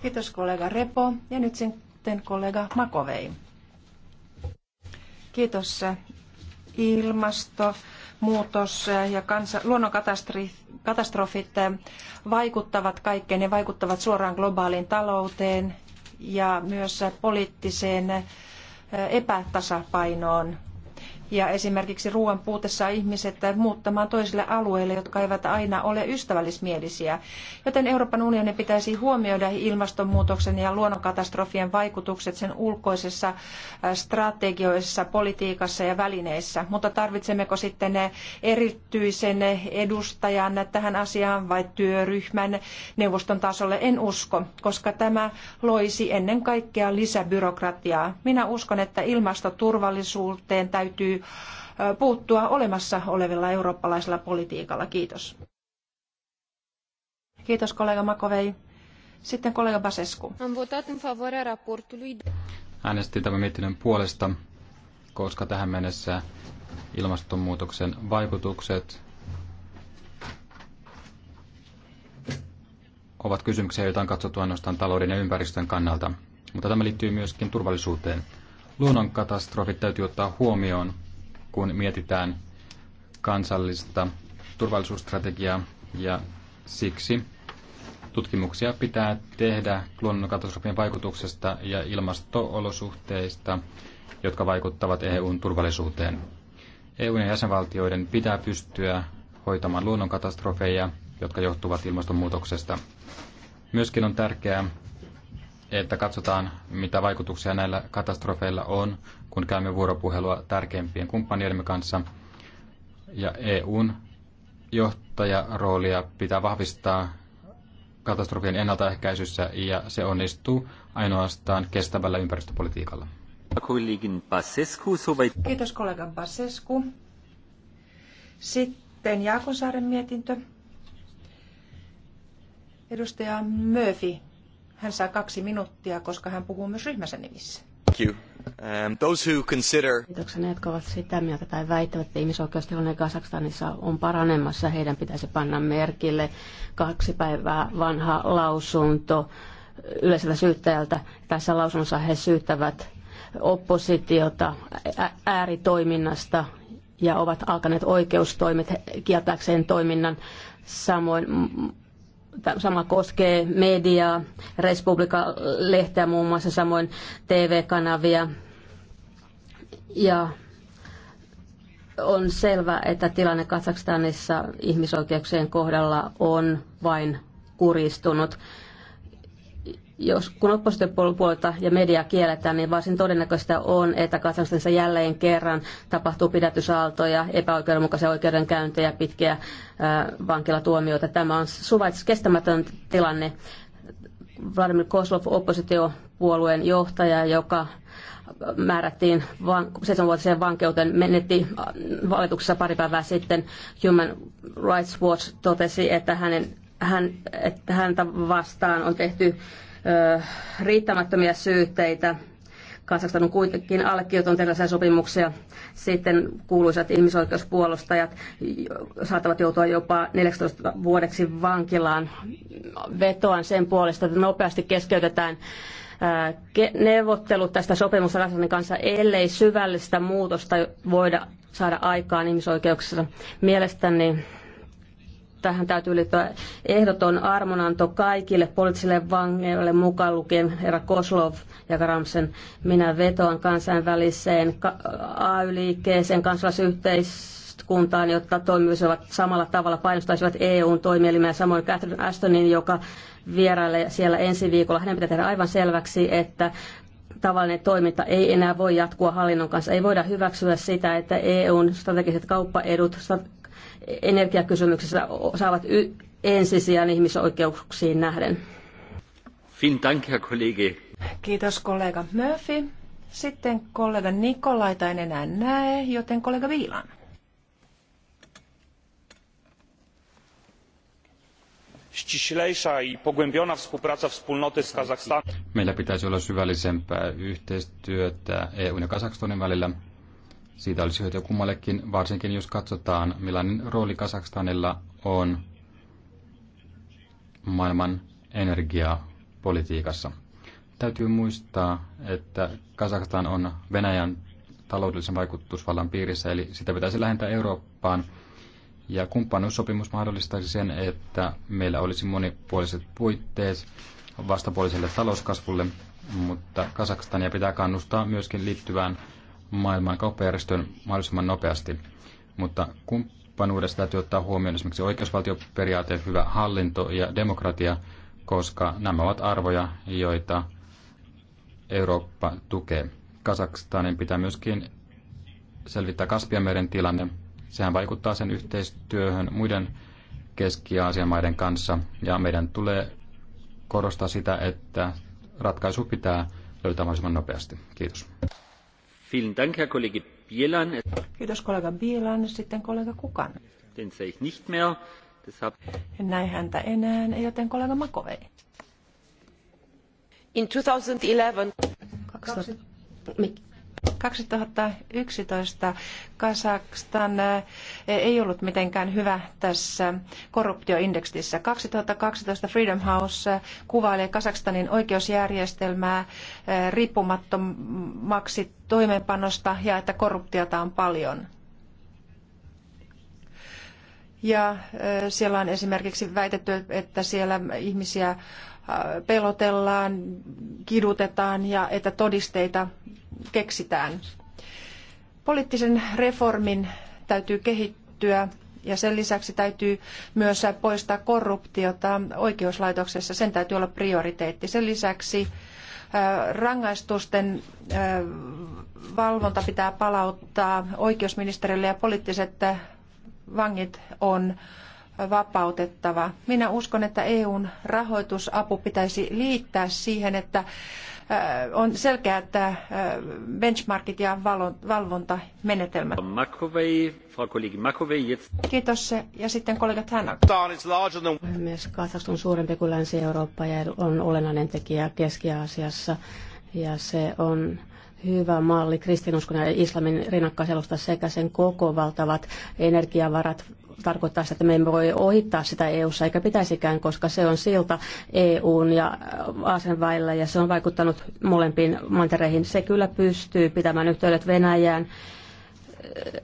Kiitos kollega Repo ja nyt sitten kollega Makovei. Kiitos ilmasto, muutos ja kansa, luonnonkatastrofit vaikuttavat kaikkeen. Ne vaikuttavat suoraan globaaliin talouteen ja myös poliittiseen epätasapainoon ja esimerkiksi ruoan puute saa ihmiset muuttamaan toisille alueille, jotka eivät aina ole ystävällismielisiä. Joten Euroopan unionin pitäisi huomioida ilmastonmuutoksen ja luonnonkatastrofien vaikutukset sen ulkoisessa äh, strategioissa, politiikassa ja välineissä. Mutta tarvitsemmeko sitten erityisen edustajan tähän asiaan vai työryhmän neuvoston tasolle? En usko, koska tämä loisi ennen kaikkea lisäbyrokratiaa. Minä uskon, että ilmastoturvallisuuteen täytyy puuttua olemassa olevilla eurooppalaisella politiikalla. Kiitos. Kiitos kollega Makovei. Sitten kollega Basescu. Äänestin tämän mietinnön puolesta, koska tähän mennessä ilmastonmuutoksen vaikutukset ovat kysymyksiä, joita on katsottu ainoastaan talouden ja ympäristön kannalta. Mutta tämä liittyy myöskin turvallisuuteen. Luonnonkatastrofit täytyy ottaa huomioon kun mietitään kansallista turvallisuusstrategiaa ja siksi tutkimuksia pitää tehdä luonnonkatastrofien vaikutuksesta ja ilmastoolosuhteista, jotka vaikuttavat EUn turvallisuuteen. EUn ja jäsenvaltioiden pitää pystyä hoitamaan luonnonkatastrofeja, jotka johtuvat ilmastonmuutoksesta. Myöskin on tärkeää, että katsotaan, mitä vaikutuksia näillä katastrofeilla on, kun käymme vuoropuhelua tärkeimpien kumppaniemme kanssa. Ja EUn johtajaroolia pitää vahvistaa katastrofien ennaltaehkäisyssä ja se onnistuu ainoastaan kestävällä ympäristöpolitiikalla. Kiitos kollega Basescu. Sitten Jaakonsaaren mietintö. Edustaja Murphy hän saa kaksi minuuttia, koska hän puhuu myös ryhmänsä nimissä. Um, those who consider... Kiitoksia ne, jotka ovat sitä mieltä tai väittävät, että ihmisoikeustilanne Kasakstanissa on paranemassa. Heidän pitäisi panna merkille kaksi päivää vanha lausunto yleisellä syyttäjältä. Tässä lausunnossa he syyttävät oppositiota ääritoiminnasta ja ovat alkaneet oikeustoimet kieltääkseen toiminnan. Samoin Sama koskee mediaa, Respublika-lehteä muun muassa, samoin TV-kanavia. Ja on selvää, että tilanne Kazakstanissa ihmisoikeuksien kohdalla on vain kuristunut jos kun oppositiopuolta ja media kielletään, niin varsin todennäköistä on, että katsannossa jälleen kerran tapahtuu pidätysaaltoja, epäoikeudenmukaisia oikeudenkäyntejä, pitkiä ää, vankilatuomioita. Tämä on suvaitsis kestämätön tilanne. Vladimir Koslov, oppositiopuolueen johtaja, joka määrättiin van, seitsemänvuotiseen vankeuteen, menetti valituksessa pari päivää sitten. Human Rights Watch totesi, että hänen hän, että häntä vastaan on tehty riittämättömiä syytteitä. Kansakstan on kuitenkin allekirjoitunut erilaisia sopimuksia. Sitten kuuluisat ihmisoikeuspuolustajat saattavat joutua jopa 14 vuodeksi vankilaan. Vetoan sen puolesta, että nopeasti keskeytetään neuvottelut tästä sopimusta Kansakstanin kanssa, ellei syvällistä muutosta voida saada aikaan ihmisoikeuksissa. Mielestäni tähän täytyy liittyä ehdoton armonanto kaikille poliittisille vangeille, mukaan lukien herra Koslov ja Karamsen. Minä vetoan kansainväliseen AY-liikkeeseen, kansalaisyhteiskuntaan, jotta toimisivat samalla tavalla, painostaisivat EUn toimielimiä, samoin Catherine Astonin, joka vieraille siellä ensi viikolla. Hänen pitää tehdä aivan selväksi, että tavallinen toiminta ei enää voi jatkua hallinnon kanssa. Ei voida hyväksyä sitä, että EUn strategiset kauppaedut energiakysymyksessä saavat y- ensisijan ihmisoikeuksiin nähden. Dank, Herr Kollege. Kiitos kollega Murphy. Sitten kollega Nikolaita en enää näe, joten kollega Viilan. Meillä pitäisi olla syvällisempää yhteistyötä EU ja Kazakstanin välillä. Siitä olisi hyötyä kummallekin, varsinkin jos katsotaan, millainen rooli Kasakstanilla on maailman energiapolitiikassa. Täytyy muistaa, että Kasakstan on Venäjän taloudellisen vaikutusvallan piirissä, eli sitä pitäisi lähentää Eurooppaan. Ja kumppanuussopimus mahdollistaisi sen, että meillä olisi monipuoliset puitteet vastapuoliselle talouskasvulle, mutta Kasakstania pitää kannustaa myöskin liittyvään maailman kauppajärjestöön mahdollisimman nopeasti. Mutta kumppanuudessa täytyy ottaa huomioon esimerkiksi oikeusvaltioperiaate, hyvä hallinto ja demokratia, koska nämä ovat arvoja, joita Eurooppa tukee. Kasakstanin pitää myöskin selvittää Kaspianmeren tilanne. Sehän vaikuttaa sen yhteistyöhön muiden Keski-Aasian maiden kanssa. Ja meidän tulee korostaa sitä, että ratkaisu pitää löytää mahdollisimman nopeasti. Kiitos. Kiitos kollega Bielan. Sitten kollega Kukan. Den sehe ich nicht mehr. Deshalb... En näe häntä enää, joten kollega Makovei. In 2011... Kaksi. Mik. 2011 Kazakstan ei ollut mitenkään hyvä tässä korruptioindeksissä. 2012 Freedom House kuvailee Kazakstanin oikeusjärjestelmää riippumattomaksi toimeenpanosta ja että korruptiota on paljon. Ja siellä on esimerkiksi väitetty, että siellä ihmisiä pelotellaan, kidutetaan ja että todisteita keksitään. Poliittisen reformin täytyy kehittyä ja sen lisäksi täytyy myös poistaa korruptiota oikeuslaitoksessa. Sen täytyy olla prioriteetti. Sen lisäksi rangaistusten valvonta pitää palauttaa oikeusministerille ja poliittiset vangit on vapautettava. Minä uskon, että EUn rahoitusapu pitäisi liittää siihen, että on selkeää, että benchmarkit ja valvontamenetelmät. Kiitos. Ja sitten kollega Hanna. Myös Kazakstan on suurempi kuin Länsi-Eurooppa ja on olennainen tekijä Keski-Aasiassa. Ja se on hyvä malli kristinuskon ja islamin rinnakkaiselusta sekä sen koko valtavat energiavarat, tarkoittaa sitä, että me emme voi ohittaa sitä EU-ssa eikä pitäisikään, koska se on silta EUn ja Aasian välillä ja se on vaikuttanut molempiin mantereihin. Se kyllä pystyy pitämään yhteydet Venäjään eh,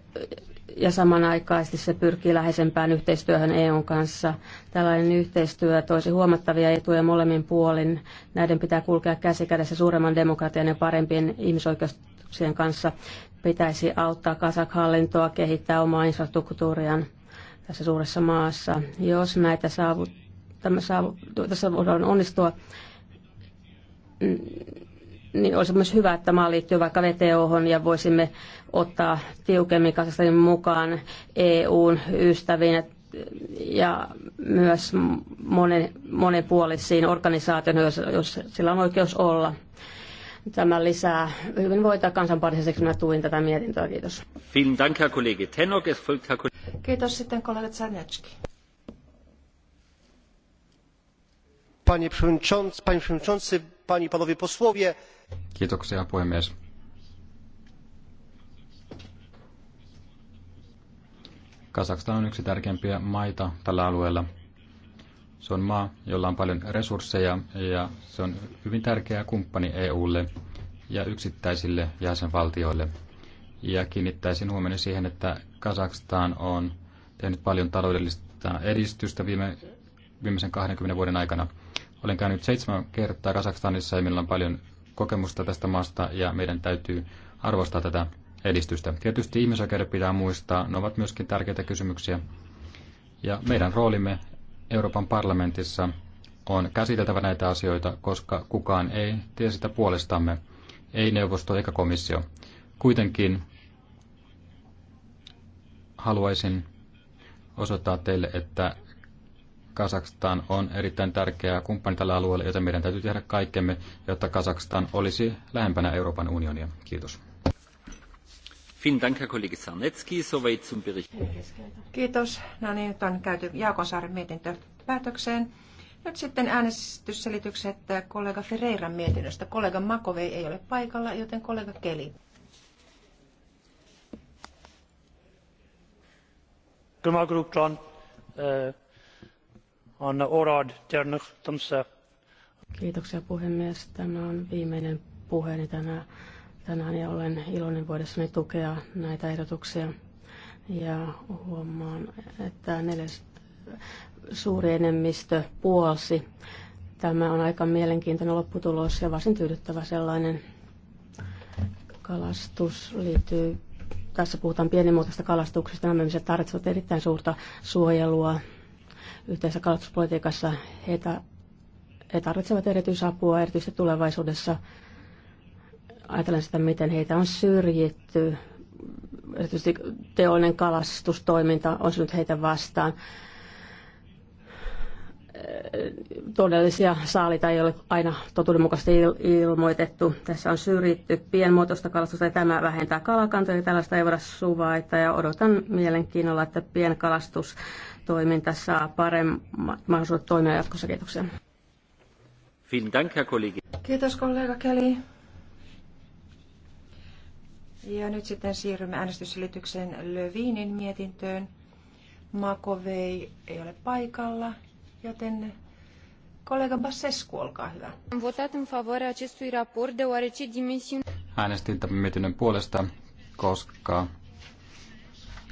ja samanaikaisesti se pyrkii läheisempään yhteistyöhön EUn kanssa. Tällainen yhteistyö toisi huomattavia etuja molemmin puolin. Näiden pitää kulkea käsikädessä suuremman demokratian ja parempien ihmisoikeuksien kanssa. Pitäisi auttaa Kasak-hallintoa kehittää omaa infrastruktuuriaan tässä suuressa maassa. Jos näitä saavut, tämä saavut, tässä voidaan onnistua, mm, niin olisi myös hyvä, että maa liittyy vaikka VTOhon ja voisimme ottaa tiukemmin Kasastanin mukaan EUn ystäviin ja myös monen, monipuolisiin organisaatioihin, jos, jos sillä on oikeus olla. Tämä lisää hyvinvointia kansanparissa, siksi mä tuin tätä mietintöä. Kiitos. Kiitos sitten kollega Zanetski. Panie przewodniczący, panie przewodniczący, panie i panowie posłowie. Kiitoksia puhemies. Kazakstan on yksi tärkeimpiä maita tällä alueella – se on maa, jolla on paljon resursseja ja se on hyvin tärkeä kumppani EUlle ja yksittäisille jäsenvaltioille. Ja kiinnittäisin huomioon siihen, että Kazakstan on tehnyt paljon taloudellista edistystä viime, viimeisen 20 vuoden aikana. Olen käynyt seitsemän kertaa Kazakstanissa ja meillä on paljon kokemusta tästä maasta ja meidän täytyy arvostaa tätä edistystä. Tietysti ihmisoikeudet pitää muistaa, ne ovat myöskin tärkeitä kysymyksiä. Ja meidän roolimme Euroopan parlamentissa on käsiteltävä näitä asioita, koska kukaan ei tee sitä puolestamme, ei neuvosto eikä komissio. Kuitenkin haluaisin osoittaa teille, että Kazakstan on erittäin tärkeä kumppani tällä alueella, joten meidän täytyy tehdä kaikkemme, jotta Kazakstan olisi lähempänä Euroopan unionia. Kiitos. Kiitos. No niin, nyt on käyty Jaakonsaaren mietintö päätökseen. Nyt sitten äänestysselitykset kollega Ferreiran mietinnöstä. Kollega Makovei ei ole paikalla, joten kollega Keli. Eh, Kiitoksia puhemies. Tämä on viimeinen puheeni tänään tänään ja olen iloinen voidessani tukea näitä ehdotuksia. Ja huomaan, että neljäs suuri enemmistö puolsi. Tämä on aika mielenkiintoinen lopputulos ja varsin tyydyttävä sellainen. Kalastus liittyy, tässä puhutaan pienimuotoista kalastuksesta. Nämä ihmiset tarvitsevat erittäin suurta suojelua yhteisessä kalastuspolitiikassa. He, ta- he tarvitsevat erityisapua erityisesti tulevaisuudessa ajatellen sitä, miten heitä on syrjitty. Erityisesti teollinen kalastustoiminta on syntynyt heitä vastaan. Todellisia saalita ei ole aina totuudenmukaisesti ilmoitettu. Tässä on syrjitty pienmuotoista kalastusta ja tämä vähentää kalakantoja. Tällaista ei voida suvaita ja odotan mielenkiinnolla, että pienkalastustoiminta saa paremmat mahdollisuudet toimia jatkossa. Kiitoksia. Kiitos kollega Kelly. Ja nyt sitten siirrymme äänestysselityksen Löviinin mietintöön. Makovei ei ole paikalla, joten kollega Bassescu, olkaa hyvä. Äänestin tämän mietinnön puolesta, koska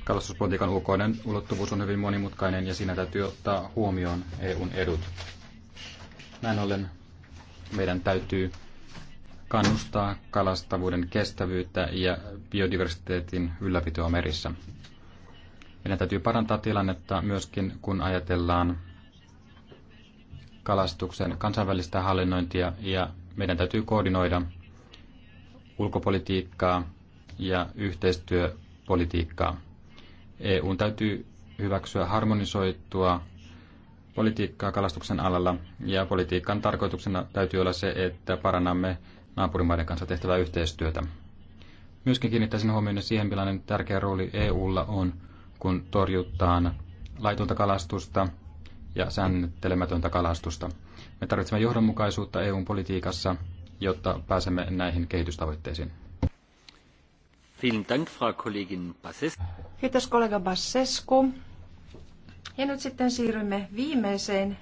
kalastuspolitiikan ulkoinen ulottuvuus on hyvin monimutkainen ja siinä täytyy ottaa huomioon EUn edut. Näin ollen meidän täytyy kannustaa kalastavuuden kestävyyttä ja biodiversiteetin ylläpitoa merissä. Meidän täytyy parantaa tilannetta myöskin, kun ajatellaan kalastuksen kansainvälistä hallinnointia ja meidän täytyy koordinoida ulkopolitiikkaa ja yhteistyöpolitiikkaa. EU täytyy hyväksyä harmonisoitua politiikkaa kalastuksen alalla ja politiikan tarkoituksena täytyy olla se, että parannamme naapurimaiden kanssa tehtävää yhteistyötä. Myöskin kiinnittäisin huomioon siihen, millainen tärkeä rooli EUlla on, kun torjuttaan laitonta kalastusta ja säännöttelemätöntä kalastusta. Me tarvitsemme johdonmukaisuutta EUn politiikassa, jotta pääsemme näihin kehitystavoitteisiin. Kiitos kollega Bassescu. Ja nyt sitten siirrymme viimeiseen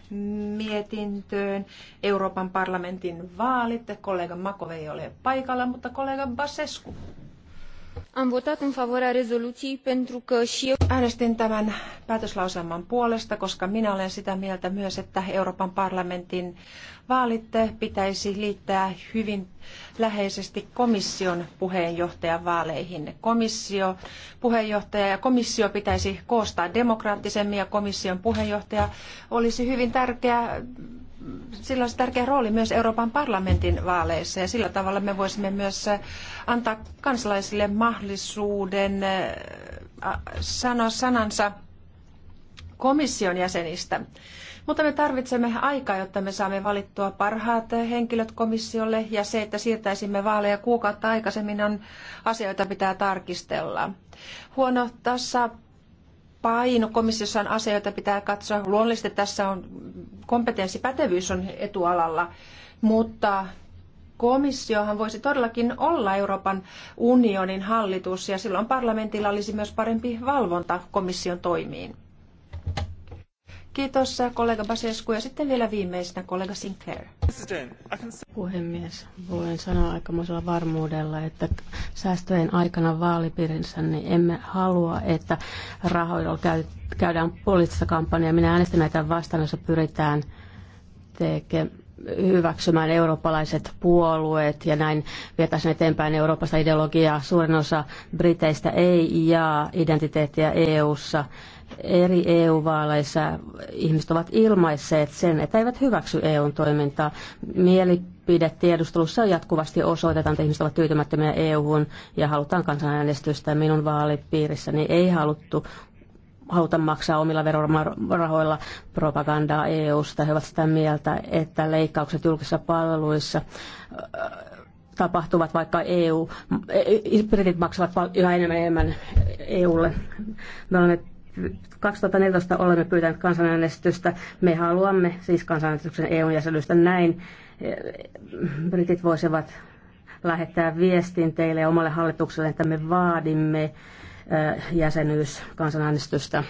mietintöön. Euroopan parlamentin vaalit. Kollega Makove ei ole paikalla, mutta kollega Basescu. Am votat în favoarea rezoluției pentru că și eu... Äänestin tämän päätöslauselman puolesta, koska minä olen sitä mieltä myös, että Euroopan parlamentin vaalit pitäisi liittää hyvin läheisesti komission puheenjohtajan vaaleihin. Komissio, puheenjohtaja ja komissio pitäisi koostaa demokraattisemmin ja komission puheenjohtaja olisi hyvin tärkeä sillä olisi tärkeä rooli myös Euroopan parlamentin vaaleissa ja sillä tavalla me voisimme myös äh, antaa kansalaisille mahdollisuuden äh, sanoa sanansa komission jäsenistä. Mutta me tarvitsemme aikaa, jotta me saamme valittua parhaat henkilöt komissiolle ja se, että siirtäisimme vaaleja kuukautta aikaisemmin on asioita pitää tarkistella. Huono tasapaino paino komissiossa on asia, jota pitää katsoa. Luonnollisesti tässä on kompetenssipätevyys on etualalla, mutta komissiohan voisi todellakin olla Euroopan unionin hallitus ja silloin parlamentilla olisi myös parempi valvonta komission toimiin. Kiitos äh, kollega Basescu ja sitten vielä viimeisenä kollega Sinclair. Puhemies, voin sanoa aikamoisella varmuudella, että säästöjen aikana vaalipiirinsä niin emme halua, että rahoilla käydään poliittista kampanjaa. Minä äänestin näitä vastaan, jossa pyritään tekemään hyväksymään eurooppalaiset puolueet ja näin vietäisiin eteenpäin Euroopassa ideologiaa. Suurin osa Briteistä ei jaa identiteettiä EU-ssa eri EU-vaaleissa ihmiset ovat ilmaisseet sen, että eivät hyväksy EUn toimintaa. Mielipidetiedustelussa jatkuvasti osoitetaan, että ihmiset ovat tyytymättömiä EUhun ja halutaan kansanäänestystä. Minun vaalipiirissäni ei haluttu haluta maksaa omilla verorahoilla propagandaa EUsta. He ovat sitä mieltä, että leikkaukset julkisissa palveluissa äh, tapahtuvat, vaikka EU, äh, britit maksavat yhä enemmän ja e enemmän EUlle. Me olemme 2014 olemme pyytäneet kansanäänestystä. Me haluamme siis kansanäänestyksen EU-jäsenyystä näin. Britit voisivat lähettää viestin teille ja omalle hallitukselle, että me vaadimme jäsenyys kansanäänestystä.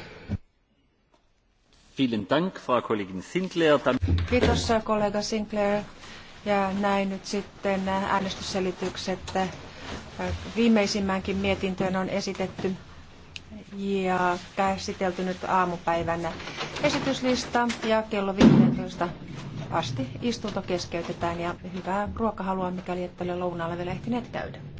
Kiitos kollega Sinclair. Ja näin nyt sitten äänestysselitykset viimeisimmänkin mietintöön on esitetty ja käsitelty nyt aamupäivänä esityslista ja kello 15 asti istunto keskeytetään ja hyvää ruokahalua, mikäli ette ole lounaalle vielä ehtineet käydä.